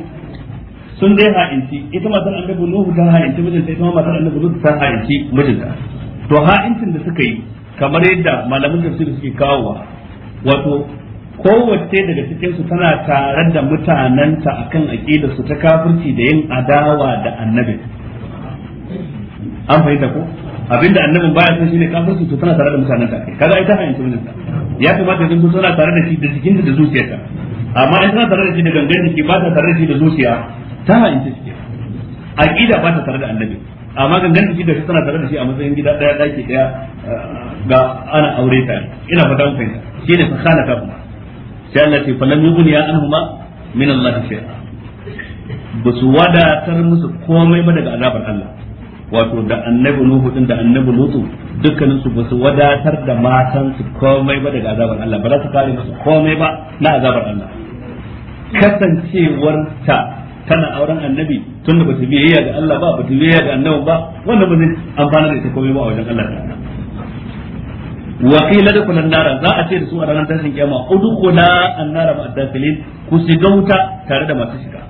sun zai ha'inci ita matar annabi nuhu ta ha'inci mijinta ita matar annabi nuhu ta ha'inci mijinta to ha'incin da suka yi kamar yadda malamin su suke kawowa wato kowace daga cikin su tana tare da mutananta akan aqidar su ta kafirci da yin adawa da annabi an fahimta ko abinda annabin baya son shine kafirci to tana tare da mutanen ta kai kaga ai ta hanyar sunan ya kamata idan tana tare da shi da jikin da zuciyarta amma in tana tare da shi da gangan jiki ba ta tare da shi da zuciya ta hanyar shi aqida ba ta tare da annabi amma gangan jiki da tana tare da shi a matsayin gida daya daki daya eh, ga ana aure ta ina fata mun fahimta shine fa kana ka kuma sai Allah ya fa lam yughniya anhuma min Allah shay'a ba su wadatar musu komai ba daga azabar Allah wato da annabi nuhu din da annabi lutu dukkanin su ba wadatar da matan su komai ba daga azabar Allah ba za su kare musu komai ba na azabar Allah kasancewarta tana auren annabi tun da bata biyayya ga Allah ba bata biyayya ga annabi ba wannan ba zai amfana da ita komai ba a wajen Allah ta'ala wa qila dakhul an-nara za a ce da su a ranar tashin kiyama udkhula an-nara ma'ad-dakhilin ku shiga wuta tare da masu shiga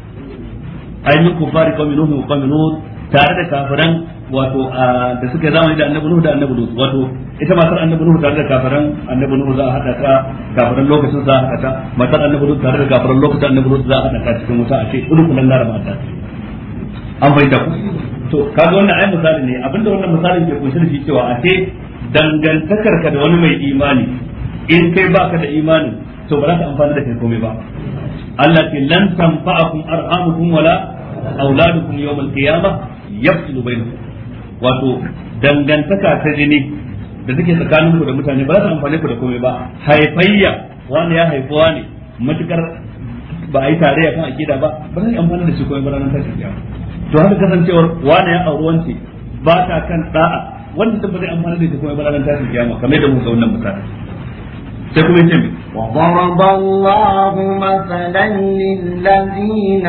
ayyukum fariqu minhum wa qaminun tare da kafiran wato da suka zamani da annabi nuhu da annabi lut wato ita matar annabi nuhu tare da kafiran annabi nuhu za a hada ta kafiran lokacin za a hada ta matar annabi lut tare da kafiran lokacin annabi lut za a hada ta cikin wuta a ce udkhulul nar ma'ata an fahimta ku to kaga wannan ai misali ne abinda wannan misalin ke kunshi da shi cewa a ce dangantakar ka da wani mai imani in kai baka da imani to ba za ka amfana da kai komai ba Allah ke lantan tanfa'akum arhamukum wala auladukum yawm al-qiyamah yafsilu bainakum wato dangantaka ta jini da take tsakanin ku da mutane ba za ta amfane ku da komai ba haifayya wani ya haifi wani matukar ba a yi tarayya kan akida ba ba zai amfani da shi komai ba ranar ta kiyama to haka kasancewar wani ya auri wance ba ta kan da'a wanda ba zai amfani da shi komai ba ranar ta kiyama kamar da ga wannan misali sai وضرب الله مثلا للذين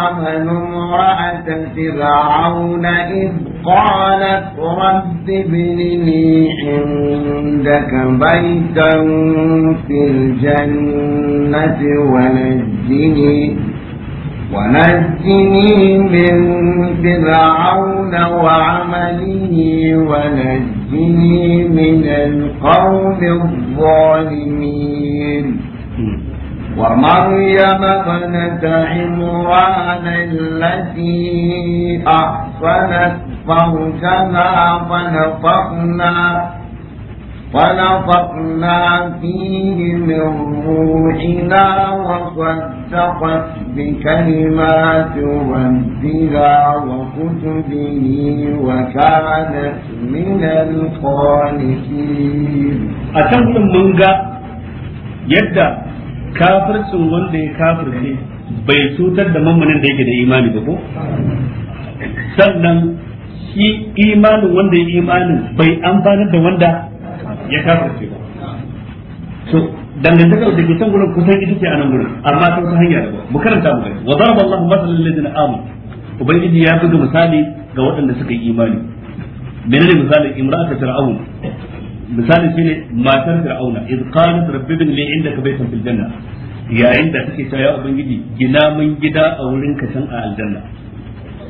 آمنوا امرأة فرعون إذ قالت رب ابن لي عندك بيتا في الجنة ونجني ونجني من فرعون وعمله ونجني من القوم الظالمين ومريم ابنة عمران التي أحصنت فرجها فنفخنا فنفخنا فيه من روحنا wa بكلمات ربها وكتبه وكانت من القانتين أتمنى منغا يدى كافر سنون دي كافر دي bai cutar da mamanin da yake da imani ba ko sannan imanin wanda ya imanin bai amfanar da wanda ya kafirce ba so dangantakar da ke can gurin kusan ita ce a nan gurin amma ta wata hanya daban mu karanta mu gani wa darba Allah masalan ladina amanu ubangiji ya buga misali ga waɗanda suka yi imani menene misalin imra'atu fir'aun misali shine matar fir'auna id qalat rabbibni li indaka baytan fil janna yayin da take cewa ya ubangiji gina min gida a wurin ka can a aljanna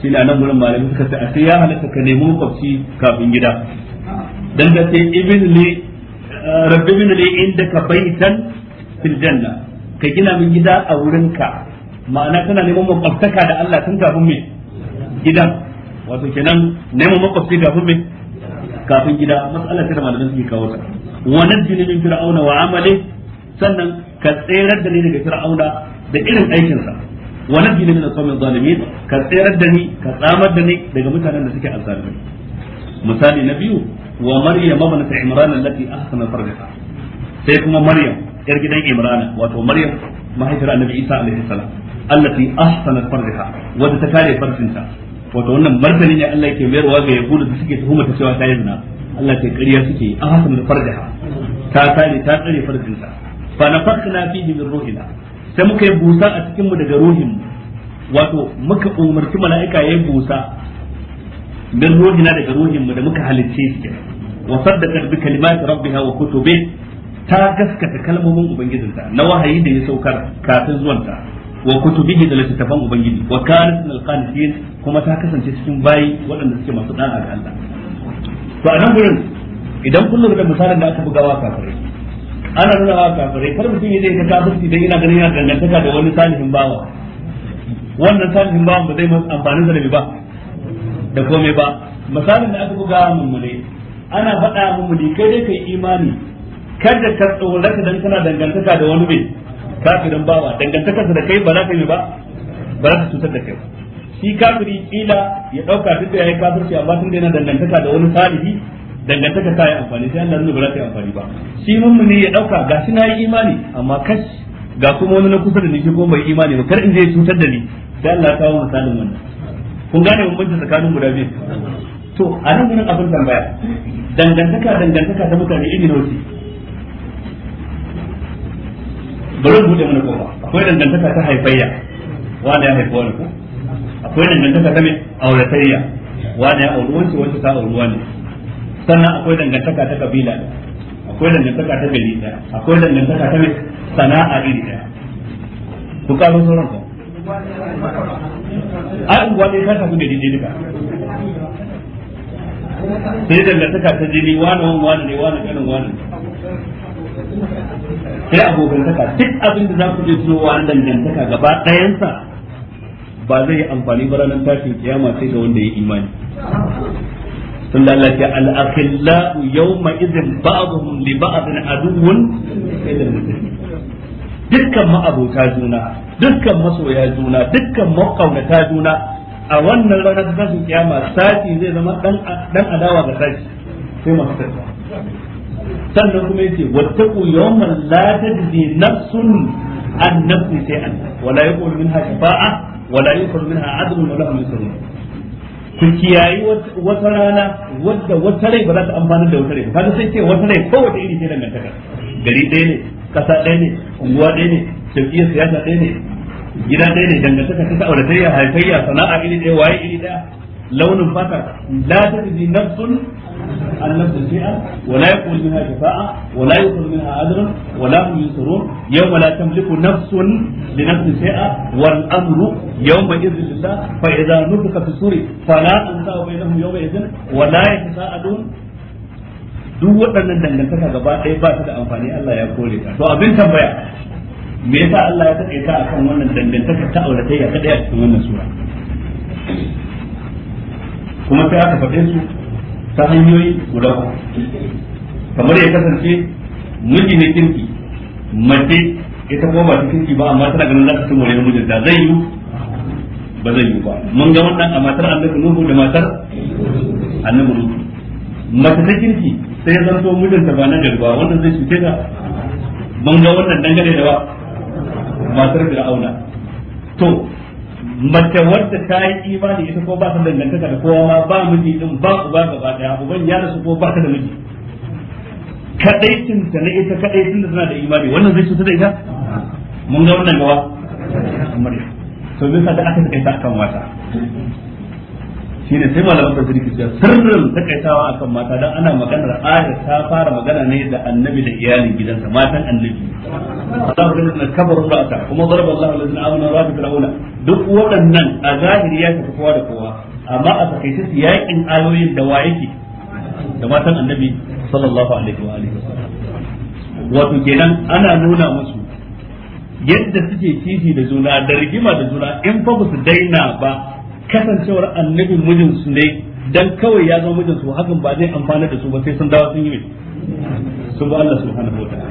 shine nan gurin malamin suka ce a sai ya halatta ka nemo kofi kafin gida dan da sai ibn li rabbi ne inda ka baitan fil janna ka gina min gida a wurinka ma'ana kana neman makwabtaka da Allah tun kafin me gidan wato kenan neman makwabci kafin me kafin gida mas'ala ta malaman suke kawo ta wannan najjini min fir'auna wa amali sannan ka tserar da ni daga fir'auna da irin aikinsa wannan najjini min al zalimin ka tserar da ni ka tsamar da ni daga mutanen da suke azzalimi misali na biyu wa maryam ibnat imran allati ahsana farjaha sai kuma maryam yar gidan imran wato maryam mahaifiyar annabi isa alaihi salam allati ahsana farjaha wanda ta kare farjinta wato wannan martani ne Allah yake mayarwa ga yahudu da suke tuhuma ta cewa ta yi zina Allah ke ƙarya suke ahsana farjaha ta kare ta tsare farjinta fa nafakhna fihi min ruhina sai muka yi busa a cikin mu daga ruhin mu wato muka umarci mala'ika yayin busa min na daga ruhin mu da muka halicce shi wa saddaqat bi kalimati rabbiha wa kutubihi ta gaskata kalmomin ubangijinta na wahayi da ya saukar kafin zuwanta wa kutubihi da littattafan ubangiji wa kanat min alqanitin kuma ta kasance cikin bayi waɗanda suke masu da'a ga Allah to a nan gurin idan kun lura da misalin da aka buga wa kafirai ana nuna wa kafirai kar mutum ya zai ta kafirci dan yana ganin yana dangantaka da wani salihin bawa wannan salihin bawan ba zai masa amfani da ba da komai ba misalin da aka buga mummune ana faɗa mummune kai dai kai imani kada ka tsorata dan kana dangantaka da wani bai kafirin bawa dangantaka da kai ba za ka yi ba ba za ka cutar da kai shi kafiri kila ya dauka duk da yayi kafirci amma tun da yana dangantaka da wani salihi dangantaka ta yi amfani sai Allah ba za ta yi amfani ba shi mummuni ya dauka gashi na yi imani amma kash ga kuma wani na kusa da ni ko bai imani ba kar in je cutar da ni sai Allah ya kawo misalin wannan kun gane bambanci tsakanin guda biyu to a nan gurin abin tambaya dangantaka dangantaka ta mutane iri nawa ba bari bude mana kofa akwai dangantaka ta haifayya wanda ya haifi wani ko akwai dangantaka ta mai auratayya wanda ya auri wancan wancan ta auri wani sannan akwai dangantaka ta kabila akwai dangantaka ta gari daya akwai dangantaka ta mai sana'a iri daya ku karo sauran ku ai unguwa ne ta tafi da daidai duka sai dangantaka ta jini wani wani wani ne wani ganin wani sai abokantaka duk abin da za ku je wa dangantaka gaba ɗayansa ba zai yi amfani ba ranar tashin kiyama sai ga wanda ya imani sun lalace al'akhillahu yawma idin ba'dhum li ba'dhin aduwwun ila al-mujrimin dukkan ma'abota juna dukkan masoya juna dukkan makaunata juna a wannan ranar ta su kiyama sati zai zama dan adawa ga sati sai masu tarba sannan kuma yace wattaqu yawman la tajzi nafsun an nafsi shay'an wa la yaqul minha shafa'a wa la yuqul minha adlun wa la hum yusrun ku kiyayi wata rana wadda wata rai ba za ta amfana da wata rai ba ta sai ce wata rai kowace iri ce dangantaka gari ɗaya ne kasa ɗaya ne unguwa ɗaya ne siyasa ɗaya ne gida ɗaya ne dangantaka ta auratayya haifayya sana'a iri ɗaya waye iri ɗaya launin fata la tajidi nafsun an nafsun shi'a wa la yaqul minha shafa'a wa la minha wa la hum yusrun yawma la tamliku nafsun li nafsin wal amru yawma idhin lillah fa nufika fi suri fala bainahum yawma idhin wa la duk waɗannan dangantaka gaba ɗaya ba su da amfani Allah ya kore ta to abin tambaya me yasa Allah ya taɓe ta akan wannan dangantaka ta auratayya kadai a cikin wannan sura kuma sai aka faɗe su ta hanyoyi guda kamar ya kasance miji ne kirki mace ita kuma ba ta kirki ba amma tana ganin za ta cimma mijin da zai yi ba zai yi ba mun ga wannan a matar annabi nuhu da matar annabi nuhu mace ta kirki sai ya so mijinta ba na ba wannan zai cuce ta mun ga wannan dangane da ba matar fir'auna to mace wadda ta yi imani ita ko ba ta dangantaka da kowa ma ba miji din ba uba gaba daya uban ya rasu ko ba ta da miji kadai cin ta na ita kadai tun da tana da imani wannan zai cuta da ita mun ga wannan gawa to bisa da aka kai ta kan wata shine sai malaman tafsiri ke cewa sirrin takaitawa akan mata dan ana maganar ayar ta fara magana ne da annabi da iyalin gidansa matan annabi Allah ya nuna kabar ra'ata kuma zarba Allah allazina amanu da fir'auna duk waɗannan a zahiri ya tafi kowa da kowa amma a takaice su yakin ayoyin da wa yake da matan annabi sallallahu alaihi wa alihi wato kenan ana nuna musu yadda suke kishi da juna da rigima da juna in fa su daina ba kasancewar annabin mijinsu ne dan kawai ya zama mijinsu hakan ba zai amfana da su ba sai sun dawo sun yi mai sun ba Allah subhanahu wa ta'ala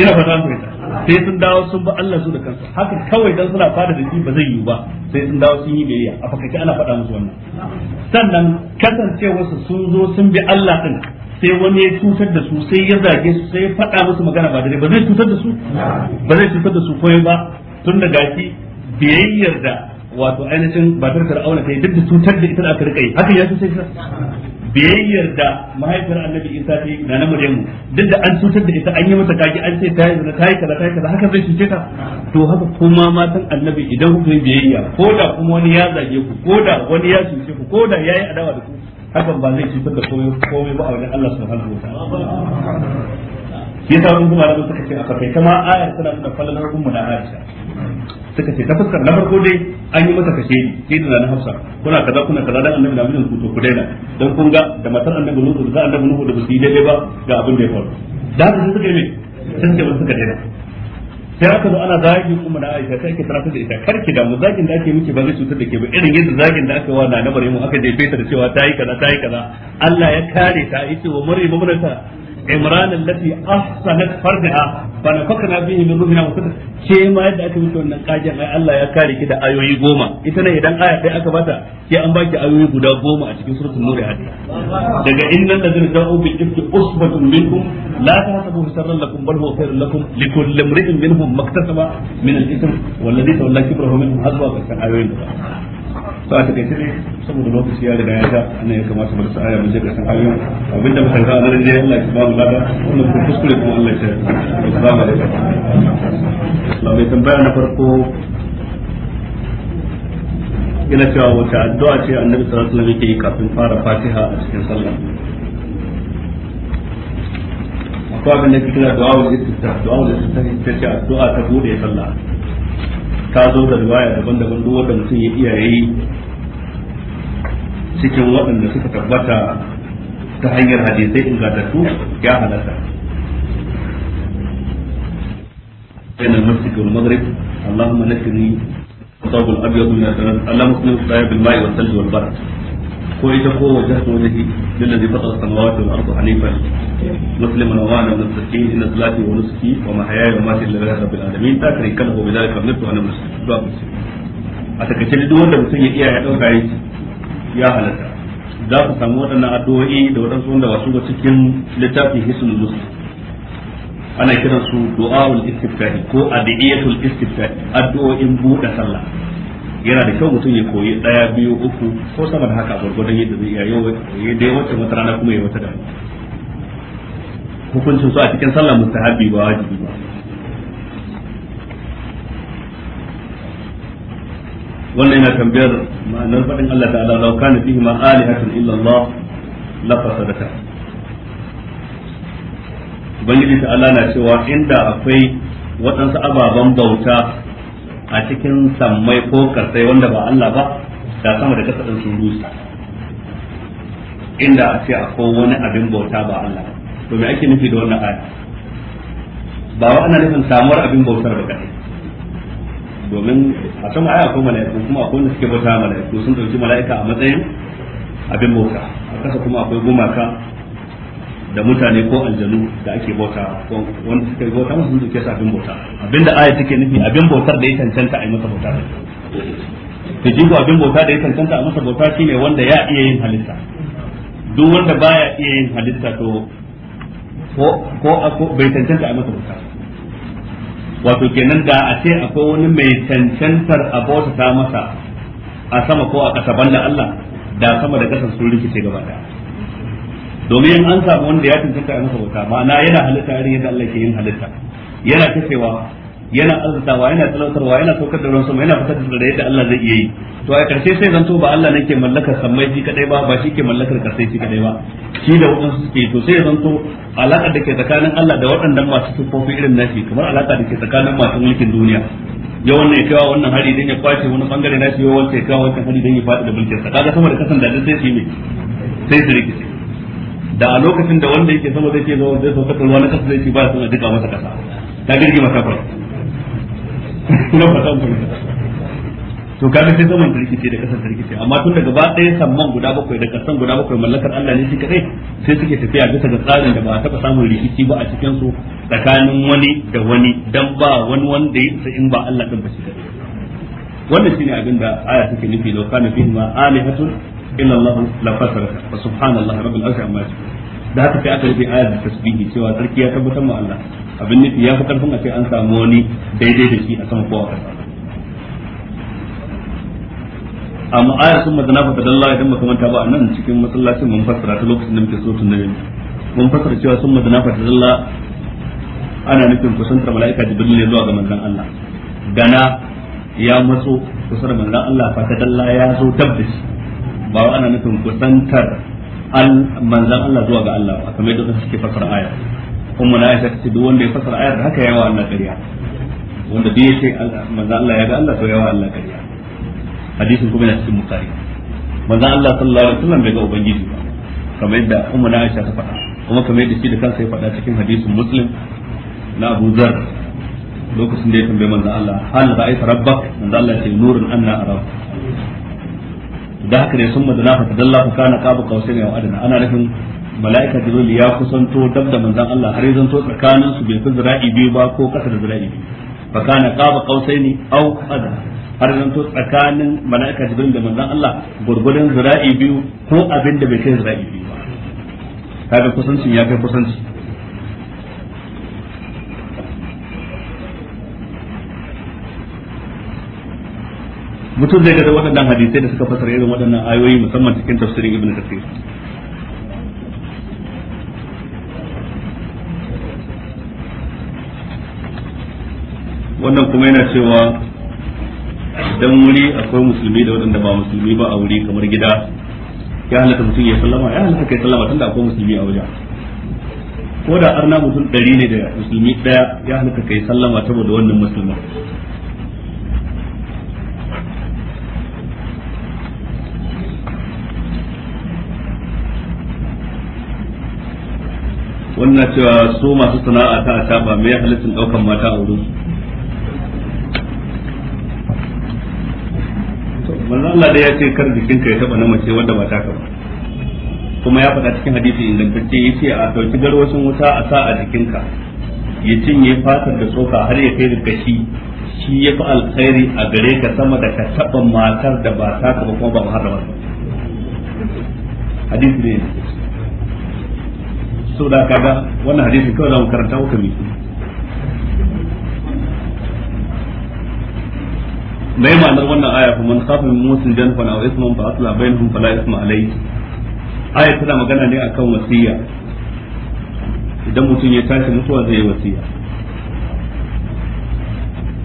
ina fata mu sai sun dawo sun ba Allah su da kansu hakan kawai dan suna fada da shi ba zai yi ba sai sun dawo sun yi biyayya a fakaice ana faɗa musu wannan sannan kasancewar su sun zo sun bi Allah din sai wani ya cutar da su sai ya zage su sai ya faɗa musu magana ba dare ba zai cutar da su ba zai cutar da su koyi ba tun da gashi biyayyar da wato ainihin batar fir'auna ta yi duk da cutar da ita da aka rika yi hakan ya cuce ta biyayyar da mahaifiyar annabi isa ta yi na na maryamu duk da an cutar da ita an yi mata kaki an ce ta yi zana ta yi kaza ta yi kaza haka zai cuce ta to haka kuma matan annabi idan kuka yi biyayya ko da kuma wani ya zage ku ko da wani ya cuce ku ko da ya yi adawa da ku hakan ba zai cutar da komai ba a wajen Allah subhanahu wa ta'ala shi yasa mun kuma da suka ce a kafai kama ayar tana nuna falalar ummu na Aisha suka ce ta fuskar na farko dai an yi mata kashe sai da na Hafsa kuna kaza kuna kaza dan annabi na mijin ku kudai na daina dan kun ga da matar annabi Nuhu da annabi Nuhu da basu yi daidai ba ga abin da ya faru da su suka yi sun ce suka daina sai aka zo ana zagin kuma na Aisha sai ake tarafa da ita kar ki damu zagin da ake miki ba zai cutar da ke ba irin yadda zagin da aka wa na nabar mu aka jefe ta da cewa ta yi kaza ta yi kaza Allah ya kare ta yace wa Maryam mamanta imran allati ahsanat fardaha fa nafakna bihi min aka mutu wannan kajin ai Allah ya kare ki da ayoyi goma ita ne idan aya aka bata sai an baki ayoyi guda goma a cikin suratul nur hadi daga innal ladzina ja'u bil ifki usbatun minkum la to ta takaice ne saboda lokaci ya riga ya ta annan ya kamata mu rasa aya mun je karshen ayoyin abinda mu karka a nan Allah ya ba mu lada wannan ku kuskure kuma Allah ya assalamu alaikum Allah mai tambaya na farko Ina cewa wata addu'a ce annabi sallallahu alaihi wasallam yake yi kafin fara Fatiha a cikin sallah akwai abin da kira du'a wal istiftah du'a wal istiftah ita ce addu'a ta bude sallah ta zo da riwaya daban-daban duk wanda mutum ya iya yi cikin waɗanda suka tabbata ta hanyar hadisai in ga ya halatta ina بين المشرق والمغرب اللهم نكني الثوب الابيض من اللهم اكرمني بالماء والثلج والبرد ko ita ko wajen wajen للذي فطر السماوات والارض حنيفا مسلما وانا من السكين ان صلاتي ونسكي ومحياي وماتي لله رب العالمين لا شريك له امرت وانا مسلم a takaice duk wanda mutum ya iya ya dauka ya halatta za ku samu waɗannan addu'o'i da waɗansu wanda wasu ba cikin littafin hisnul muslim ana kiransu du'a'ul istiftahi ko adiyatul istiftahi addu'o'in buɗe sallah yana da kyau mutum ya koyi ɗaya biyu uku ko sama da haka gwargwadon yadda zai iya yau da wacce wata rana kuma ya wata da hukuncin su a cikin sallah mustahabi ba wajibi ba wannan yana tambayar ma'anar faɗin Allah ta'ala law kana fihi ma alihatun illa Allah la fasadata ubangiji ta'ala na cewa inda akwai waɗansu ababen bauta a cikin sammai ko karsai wanda ba Allah ba da sama da kasa sun rusa inda a ce akwai wani abin bauta ba Allah to me ake nufi da wannan aya ba wa ana nufin samuwar abin bautar ba kadai domin a sama aya akwai mala'iku kuma akwai wanda suke bauta mala'iku sun dauki mala'ika a matsayin abin bauta a kasa kuma akwai gumaka da mutane ko aljanu da ake bauta wanda suka bauta musu duke sabin abin bauta abinda aya take nufi abin bautar da ya cancanta a yi masa bauta ta jigo abin bauta da ya cancanta a masa bauta shine wanda ya iya yin halitta duk wanda baya iya yin halitta to ko ko bai cancanta a masa bauta wato kenan da a ce akwai wani mai cancantar a bauta ta masa a sama ko a ƙasa banda Allah da sama da ƙasa sun rikice gaba daya domin an samu wanda ya tantance a masa bauta ma'ana yana halitta irin yadda Allah ke yin halitta yana kashewa yana arzutawa yana talautarwa yana saukar da ruwan sama yana fitar da yadda Allah zai iya yi to a karshe sai zanto ba Allah nake mallakar samai shi kadai ba ba shi ke mallakar karsai shi kadai ba shi da wadansu suke to sai zanto alaka da ke tsakanin Allah da waɗannan masu sufofi irin nashi kamar alaka da ke tsakanin masu mulkin duniya ya wannan ya kawo wannan hari dan ya kwace wani bangare nashi ya wannan ya kawo wannan hari dan ya faɗi da mulkin sa kaga sama da kasan da sai shi ne sai su rikice da a lokacin da wanda yake sama zai ke zama zai sauka ruwa na kasa zai ce ba su duka masa kasa ta girgi masa fa na fata mu to kaga sai saman turki ce da kasar turki ce amma tun daga ba ɗaya samman guda bakwai da kasan guda bakwai mallakar Allah ne shi kadai sai suke tafiya bisa ga tsarin da ba a taɓa samun rikici ba a cikin su tsakanin wani da wani dan ba wani wanda ya isa in ba Allah din ba shi kadai wannan shine abin da aya take nufi law kana fihi ma alihatun illa Allah la wa rabbil amma yasifun da haka sai a ce an samu wani daidai a sama kowa kasa amma fassara ta lokacin da ana nufin kusantar mala'ika ne zuwa ga manzon Allah ya matso kusa da manzon Allah fa ya zo ba wa ana nufin kusantar manzan Allah zuwa ga Allah ba kamar yadda suke fasara aya umma na aisha ce duk wanda ya fasara ayar haka yawa Allah ƙarya wanda duk ya ce manzan Allah ya ga Allah to wa Allah ƙarya hadisin kuma yana cikin bukari manzan Allah sallallahu alaihi wasallam bai ga ubangiji ba kamar yadda umma na aisha ta faɗa kuma kamar yadda shi da kansa ya faɗa cikin hadisin muslim na Abu Zar lokacin da ya tambaye manzan Allah hal ra'aita rabbak manzan Allah ya ce nurun anna arabu da haka ne sun madana fa tadalla fa kana kausai qausain ya adana ana nufin malaika jibril ya kusanto dab da manzon Allah har yanzu to tsakanin su bai fi zira'i biyu ba ko kasa da zira'i biyu fa kana kausai qausain au adana har yanzu to tsakanin malaika jibril da manzon Allah gurgurdan zira'i biyu ko abin da bai kai zira'i biyu ba kaga kusancin ya kai kusanci mutum zai kasar waɗannan hadisai da suka fasara irin waɗannan ayoyi musamman cikin tafsirin ibn kathir wannan kuma yana cewa dan wuri akwai musulmi da waɗanda ba musulmi ba a wuri kamar gida ya halatta mutum ya sallama ya halatta kai sallama tunda akwai musulmi a wajen ko da arna mutum ɗari ne da musulmi ɗaya ya halatta kai sallama saboda wannan musulman wannan cewa su masu sana'a ta ta ba mai halittin daukan mata a wurin manzo Allah da ya ce kar jikin ka ya taba na mace wanda ba taka ba kuma ya faɗa cikin hadisi ingantacce yace a dauki garwashin wuta a sa a jikinka ya cinye fatar da soka har ya kai da shi shi ya fi alkhairi a gare ka sama da ka taba matar da ba ta ka ba kuma ba maharrama hadisi ne da kaga wannan hadisi kawai za mu karanta muka mi mai ma'anar wannan aya fa man khafa min musin janfan aw isman fa asla bainahum fala isma alayhi aya tana magana ne akan wasiya idan mutum ya tashi mutuwa zai yi wasiya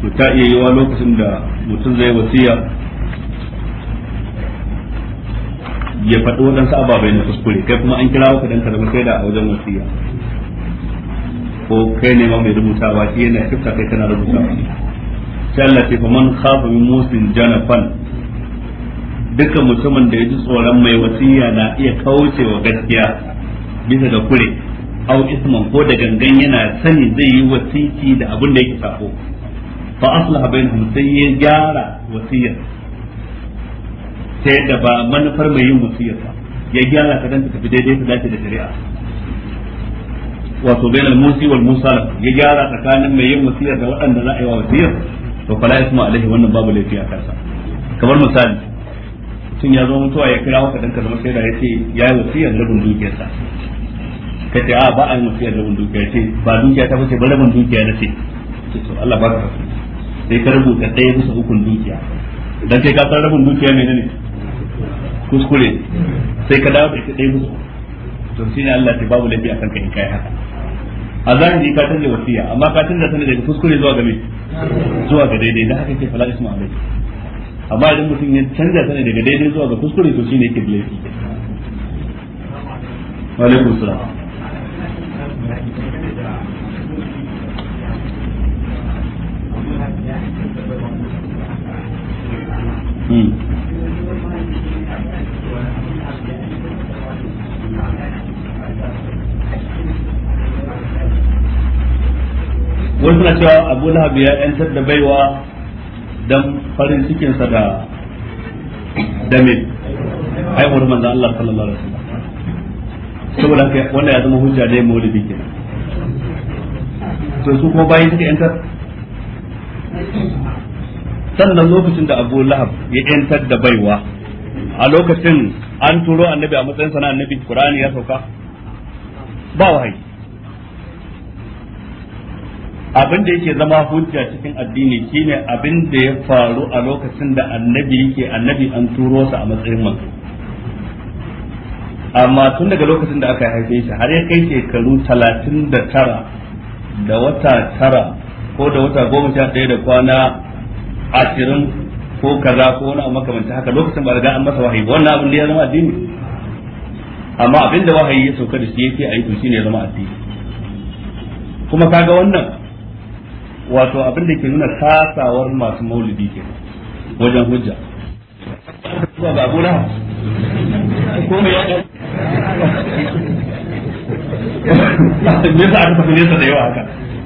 to ta iya yi wa lokacin da mutum zai yi wasiya ya faɗi waɗansu ababai na kuskure kai kuma an kira ka dan ka zama shaida a wajen wasiya ko kai ne ma mai ba shi yana shifta kai kana ba sai Allah ce fa man khafa min musin janafan dukkan mutumin da ya ji tsoron mai wasiya na iya kaucewa gaskiya bisa ga kure au isman ko da gangan yana sani zai yi wasiki da abin da yake sako fa aslaha bainahum sai ya gyara wasiyar ta yadda ba manufar mai yin wasiyar ba ya gyara ta dan ta tafi daidai ta dace da shari'a wato bainal musi wal musala ya gyara tsakanin mai yin wasiyar da waɗanda za a yi wa ba to fala yasma alaihi wannan babu laifi a kansa kamar misali tun ya zo mutuwa ya kira kadan danka zama shaida ya ce ya yi wasiyar rabin dukiyarsa ka ce a ba a yi wasiyar rabin dukiya ce ba dukiya ta bace ba rabin dukiya na ce to Allah ba ka sai ka rubuta ɗaya bisa hukun dukiya dan kai ka san rabin dukiya menene ne kuskure sai ka dawo ka dai musu to shine Allah ta babu laifi akan ka in kai haka a zahiri ka canza wasiya amma ka canza sanin daga kuskure zuwa ga zuwa ga daidai da haka ke fala ismu alai amma idan mutum ya canza sanin daga daidai zuwa ga kuskure to ne ke laifi wa alaikum salam Hmm. wasu na cewa abu lahab ya yantar da baiwa don farin cikinsa da da me haihuwar manzan Allah sallallahu alaihi wasallam saboda haka wanda ya zama hujja ne maulidi kenan to su kuma bayan suka yantar sannan lokacin da abu lahab ya yantar da baiwa a lokacin an turo annabi a matsayin sana annabi qur'ani ya sauka ba wahayi abin da yake zama hujja cikin addini shine abin da ya faru a lokacin da annabi yake annabi an turo sa a matsayin manzo amma tun daga lokacin da aka haife shi har ya kai shekaru talatin da tara da wata tara ko da wata goma sha ɗaya da kwana ashirin ko kaza ko wani a makamanta haka lokacin ba riga an masa wahayi wannan abin da ya zama addini amma abin da wahayi ya sauka da shi yake a yi shi shine ya zama addini kuma kaga wannan wato abin da ke nuna kasawar masu maulidi ke wajen hujja zuwa ga abu lahab ko me yasa aka tafi nesa da yawa haka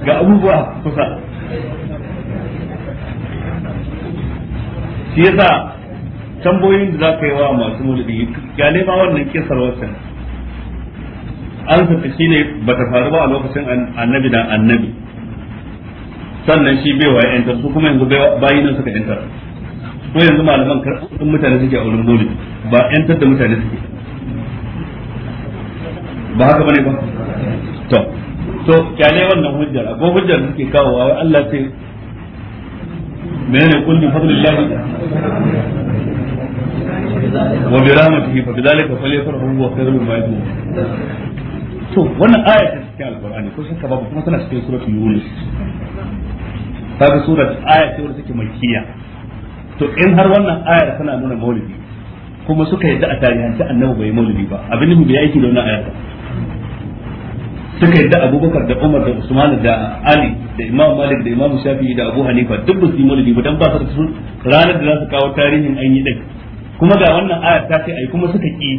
ga abubuwa kusa shi yasa tambayoyin da za ka yi wa masu maulidi ya ma wannan kisar wasan an fata shi ne ba ta faru ba a lokacin annabi da annabi sannan shi bai wa yantar su kuma yanzu bayi nan suka yantar ko yanzu malaman karfin mutane suke a wurin maulidi ba yantar da mutane suke ba haka bane ba to to kyale wannan hujjar ko hujjar suke kawo wa Allah sai menene kullu fadlillah wa bi rahmatihi fa bi bidhalika falyafrahu wa khairu mimma yajmaun to wannan aya cikin alqur'ani ko shakka babu kuma tana cikin suratul yunus kaga sura aya ce wanda take makiya to in har wannan ayar tana nuna maulidi kuma suka yadda a tarihanci annabi bai maulidi ba abin da bai aiki da wannan ayar suka yadda abubakar da umar da usman da ali da imam malik da imam shafi'i da abu hanifa duk ba su yi maulidi ba dan ba su ranar da za su kawo tarihin an yi din kuma ga wannan ayar ta ce ai kuma suka ki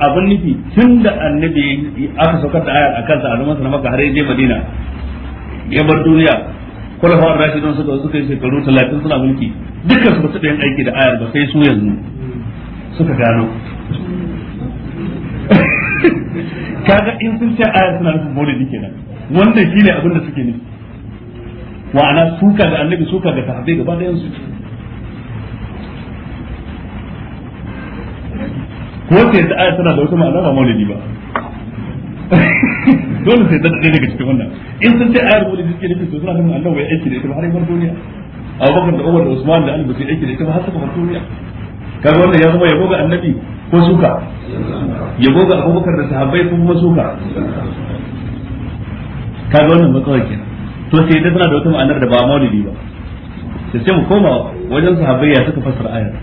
abin nufi tun da annabi aka saukar da ayar a kansa a zaman sa na maka har ya je madina ya bar duniya kulafa'ar rashidun suka suka yi shekaru talatin suna mulki dukkan su ba su da yin aiki da ayar ba sai su yanzu suka gano kaga in sun ce ayar suna nufin ne kenan wannan shine abin da suke nufi wa'ana suka da annabi suka da sahabbai gaba da yansu ko ce ta ayar tana da wata ma'ana ba maulidi ba dole sai dan daga cikin wannan in sun ce ayar wani suke nufi to suna nuna Allah bai aiki da ita ba har yabar duniya da Umar da Usman da aiki da ita ba har suka bar duniya kaga wannan ya zama yabo ga annabi ko suka yabo ga da sahabbai ko kuma suka kaga wannan matsalar kenan to sai dai suna da wata ma'anar da ba maulidi ba sai sai mu koma wajen sahabbai ya suka fassara ayar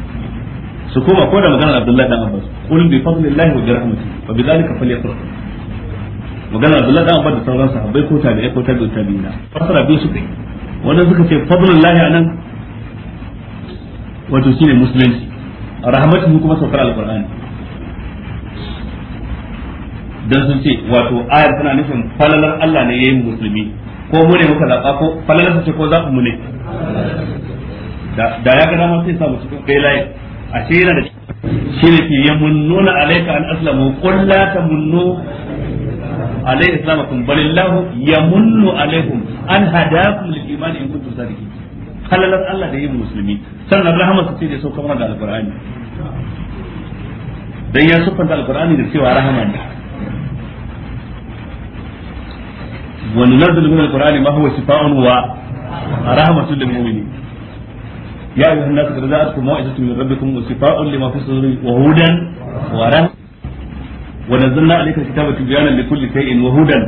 su koma ko da maganar Abdullahi dan Abbas qul bi fadlillahi wa bi rahmatihi wa bi dhalika falyafrahu maganar Abdullah dan Abbas da sauran sahabbai ko tabi ko tabi ko tabi na fasara biyu suka yi wanda suka ce fadlullahi anan wato shine musulunci rahmatuhu kuma saukar alqur'ani dan sun ce wato ayar tana nufin falalar Allah ne yayin musulmi ko mu ne muka zaba ko falalar ce ko zaɓin mu ne da ya ga dama sai sa mu cikin kai layi a shi yana da shi ne ke yamunnuna alayka an aslamu qul la tamunnu alaihi islamakum balillahu yamunnu alaikum an hadakum lil iman in kuntum sadiqin halalar Allah da yin musulmi sannan rahamarsa ce da saukar mana da alqur'ani dan ya sufanta alqur'ani da cewa rahama ne wa nunazzilu min alqur'ani ma huwa wa يا أيها الناس جاءتكم موعظة من ربكم وشفاء لما في الصدور وهدى ورحمة ونزلنا عليك الكتاب تبيانا لكل شيء وهدى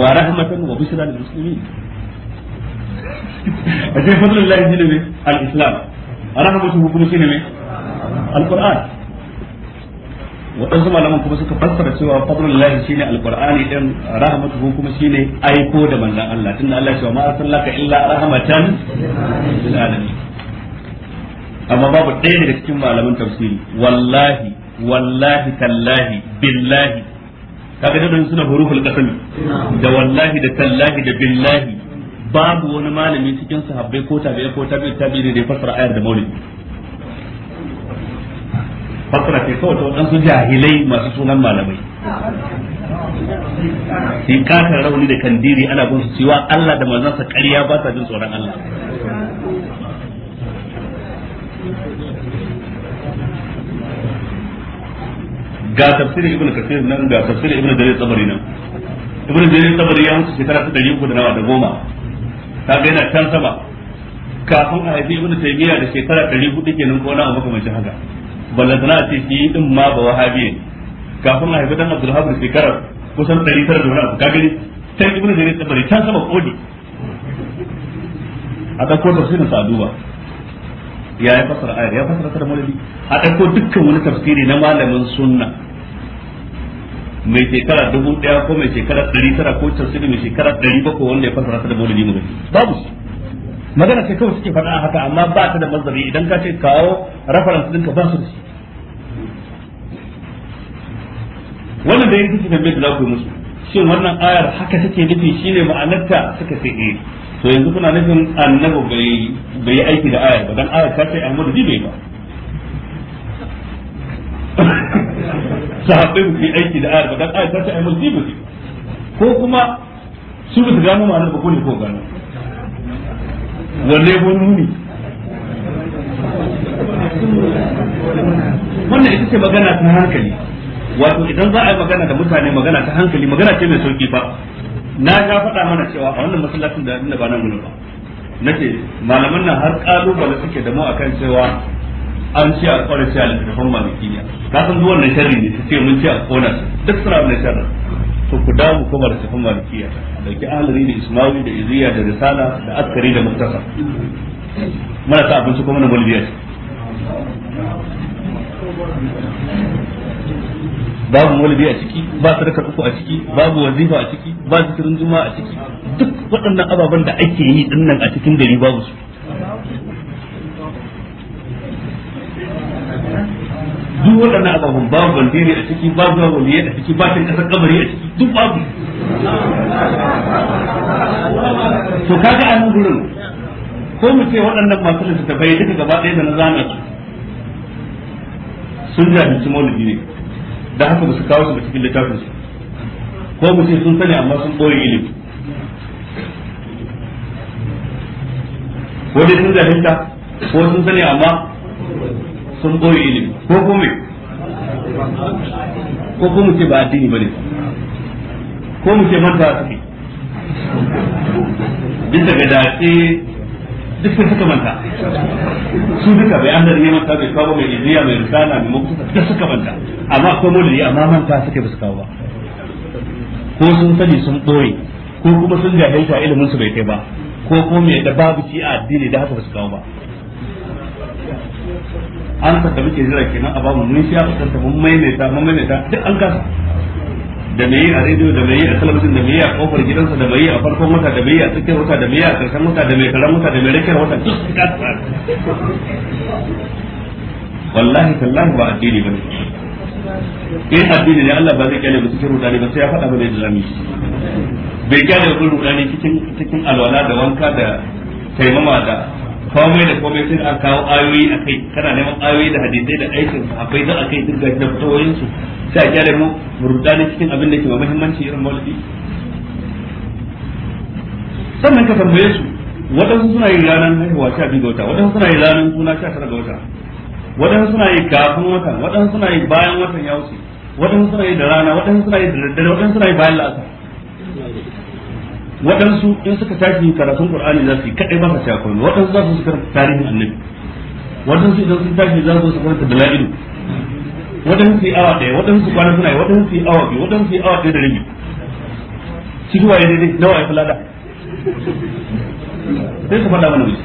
ورحمة وبشرى للمسلمين أجل فضل الله جل الإسلام رحمته كل شيء القرآن waɗansu malaman kuma suka fassara cewa fadlul lahi shine alqur'ani din rahmatuhu da manzon Allah tunda babu ɗaya daga cikin malaman tafsiri wallahi wallahi tallahi billahi kaga da suna huruful qasami da wallahi da tallahi da billahi babu wani malami cikin sahabbai ko tabi'i ko tabi'i tabi'i da ya fassara ayar da maulidi fassara ce kawai ta waɗansu jahilai masu sunan malamai sai katar rauni da kandiri ana bin su cewa Allah da manzansa ƙarya ba sa jin tsoron Allah ga tafsirin ibnu kasir nan ga tafsirin ibnu jarir tabari nan ibnu jarir tabari ya mutu shekara ta dari uku da nawa da goma ta ga yana can sama kafin a haifi ibnu taymiya da shekara dari hudu kenan ko na abu kuma shi haka ballantana a ce shi din ma ba wahabi ne kafin a haifi dan abdul habib shekara kusan dari tara da wani abu ka gani sai ibnu jarir tabari can sama kodi a ɗauko tafsirin sa duba ya yi fasara ayar ya fasara ta da maulidi a ɗauko dukkan wani tafsiri na malamin sunna mai shekara dubu daya ko mai shekara dari tara ko casa'in mai shekara dari bako wanda ya fasara ta da maulidi mu gani babu magana ce kawai suke faɗa haka amma ba ta da mazari idan ka ce kawo reference ɗinka ba su da shi wannan da yin kusa tambayar da ku yi musu shin wannan ayar haka take nufi shine ma'anarta suka ce eh to yanzu kuna nufin annabi bai bai aiki da ayar ba dan ayar ta ce annabi bai ba sahabbai ba yi aiki da ayar ba dan ayar ta ce ai musibu ko kuma su ba su gano ma'anar ba ko ne ko gano wanne ko nuni wannan ita ce magana ta hankali wato idan za a yi magana da mutane magana ta hankali magana ce mai sauki ba na ga faɗa mana cewa a wannan masallacin da ba nan gudu ba nace malaman nan har kalubale suke da mu akan cewa an ce a kona shi a littattafan malikiya ka san zuwan nan sharri ne su ce mun ce a kona su duk suna da sharri to ku dawo kuma littattafan malikiya da ke ahlari da ismawi da iziya da risala da askari da muktasar mana ta abinci kuma na mulbiya babu maulidi a ciki ba su sadakar uku a ciki babu wazifa a ciki ba zikirin juma'a a ciki duk waɗannan ababen da ake yi dinnan a cikin gari babu su duk waɗannan ababen babu bandiri a ciki babu ne a ciki babu kasar kabari a ciki duk babu to kaga a nan gurin ko mu ce waɗannan masu littattafai duka gaba ɗaya da na zana su sun jahilci maulidi ne da haka ba su kawo su ba cikin littafin su ko mu ce sun sani amma sun ɓoye ilimi ko dai sun jahilta ko sun sani amma sun boye ilimi ko kuma ko kuma ce ba addini bane ko mu ce manta suke bisa ga dace duk sun suka manta su duka bai an da ne manta bai kawo mai iziya mai rusana mai mukusa da suka manta amma ko mu amma manta suke ba su kawo ba ko sun sani sun boye ko kuma sun jahilta ilimin su bai kai ba ko kuma mai da babu ci a addini da haka ba su kawo ba an saka muke jira kenan a bamu mun sha fasan ta mun maimaita mun maimaita duk an kasa da me yi a rediyo da me yi a talabijin da me yi a kofar gidansa da me yi a farkon wata da me yi a tsakiyar wata da me yi a karshen wata da me karan wata da me rakiyar wata duk su kasa wallahi tallahi ba addini ne in addini ne Allah ba zai kyale mu cikin rudani ba sai ya faɗa ne da zamu bai kyale mu rudani cikin cikin alwala da wanka da taimama da komai da komai sai an kawo ayoyi a kai kana neman ayoyi da hadisai da aikin sahabbai za a kai duk gashi da fitowoyin su sai a kyale mu rudani cikin abin da ke muhimmanci irin maulidi sannan ka tambaye su wadansu suna yin ranar haihuwa sha biyu ga wata wadansu suna yin ranar suna sha tara ga wata wadansu suna yi kafin watan wadansu suna yi bayan watan ya wuce waɗansu suna yi da rana wadansu suna yi da daddare wadansu suna yi bayan la'asar waɗansu in suka tashi karatun qur'ani za su yi kaɗai ba sa cewa komai waɗansu za su karanta tarihin annabi waɗansu idan sun tashi za su karanta dala'ilu waɗansu yi awa ɗaya waɗansu kwana suna yi waɗansu yi awa biyu waɗansu yi awa ɗaya da rabi shi duwaye daidai nawa ya lada sai su faɗa mana wuce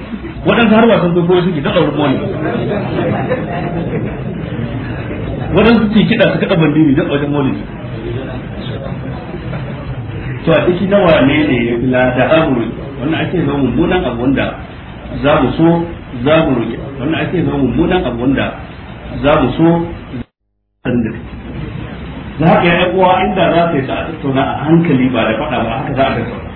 waɗansu har wasan kwaikwayo suke ta ɗaura mani waɗansu ce kiɗa su kaɗa bandini don wajen molin to a ciki nawa ne ne ya fi lada wannan ake zama mummunan abu wanda za mu so za mu roƙi wannan ake zama mummunan abu wanda za mu so da za ka yi inda za ka yi sa a tattauna a hankali ba da faɗa ba haka za a tattauna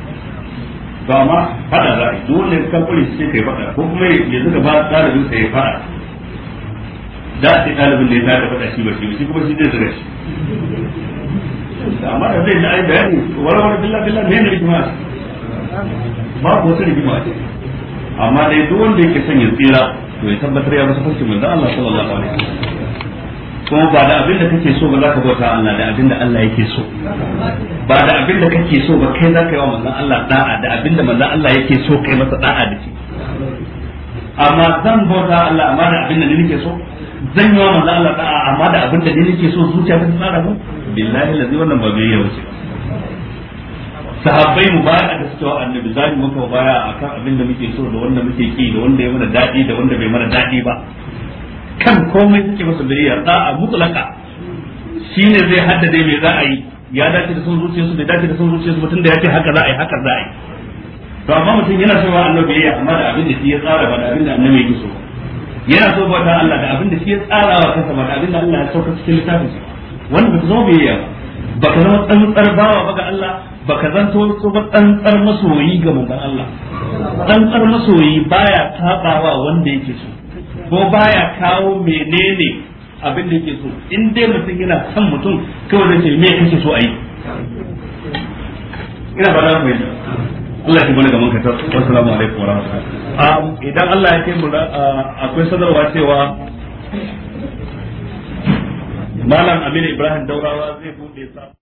ba ma faɗa za a yi dole ka kuri sai ka yi faɗa ko kuma ya zuka ba ɗalibin sa ya faɗa da a ce ɗalibin da ya ta faɗa shi ba shi ba shi kuma shi zai zuga shi amma da zai ji ai bayani wala wala billah billah ne ne rigima ba ko wata rigima ce amma dai duk wanda yake son ya tsira to ya tabbatar ya rasa farkin manzon Allah sallallahu alaihi wasallam kuma ba da abin da kake so ba za ka bauta Allah da abin da Allah yake so ba da abin da kake so ba kai za ka yi wa manzon Allah da'a da abin da manzon Allah yake so kai masa da'a da shi amma zan bauta Allah amma da abin da ni nake so zan yi wa manzon Allah da'a amma da abin da ni nake so zuciya ta tsara mu billahi lazi wannan ba biyayya wuce sahabbai mu baya da cewa annabi zai muka baya akan abin da muke so da wanda muke ki da wanda ya mana dadi da wanda bai mana dadi ba kan komai kike masa biyayya a mutlaka shine zai haddade me za a yi ya dace da son zuciyarsu da dace da son zuciyarsu mutum da ya ce haka za a yi haka za a yi to amma mutum yana so ba annabi biyayya amma da abin da shi ya tsara ba da abin da annabi yake so yana so ba ta Allah da abin da shi ya tsara wa kansa ba da abin da Allah ya sauka cikin littafin sa wannan ba ta zama biyayya ba ka zama tsantsar bawa ba ga Allah ba ka zanto so ba tsantsar masoyi ga manzon Allah tsantsar masoyi baya tabawa wanda yake so ko baya kawo menene abin da yake so in dai mutum yana son mutum kawai zai ce me kake so a yi ina ba da mai Allah ya bani gaban katar assalamu alaikum wa rahmatullahi um, idan Allah ya kai mu uh, akwai sadarwa cewa malam aminu ibrahim daurawa zai bude sa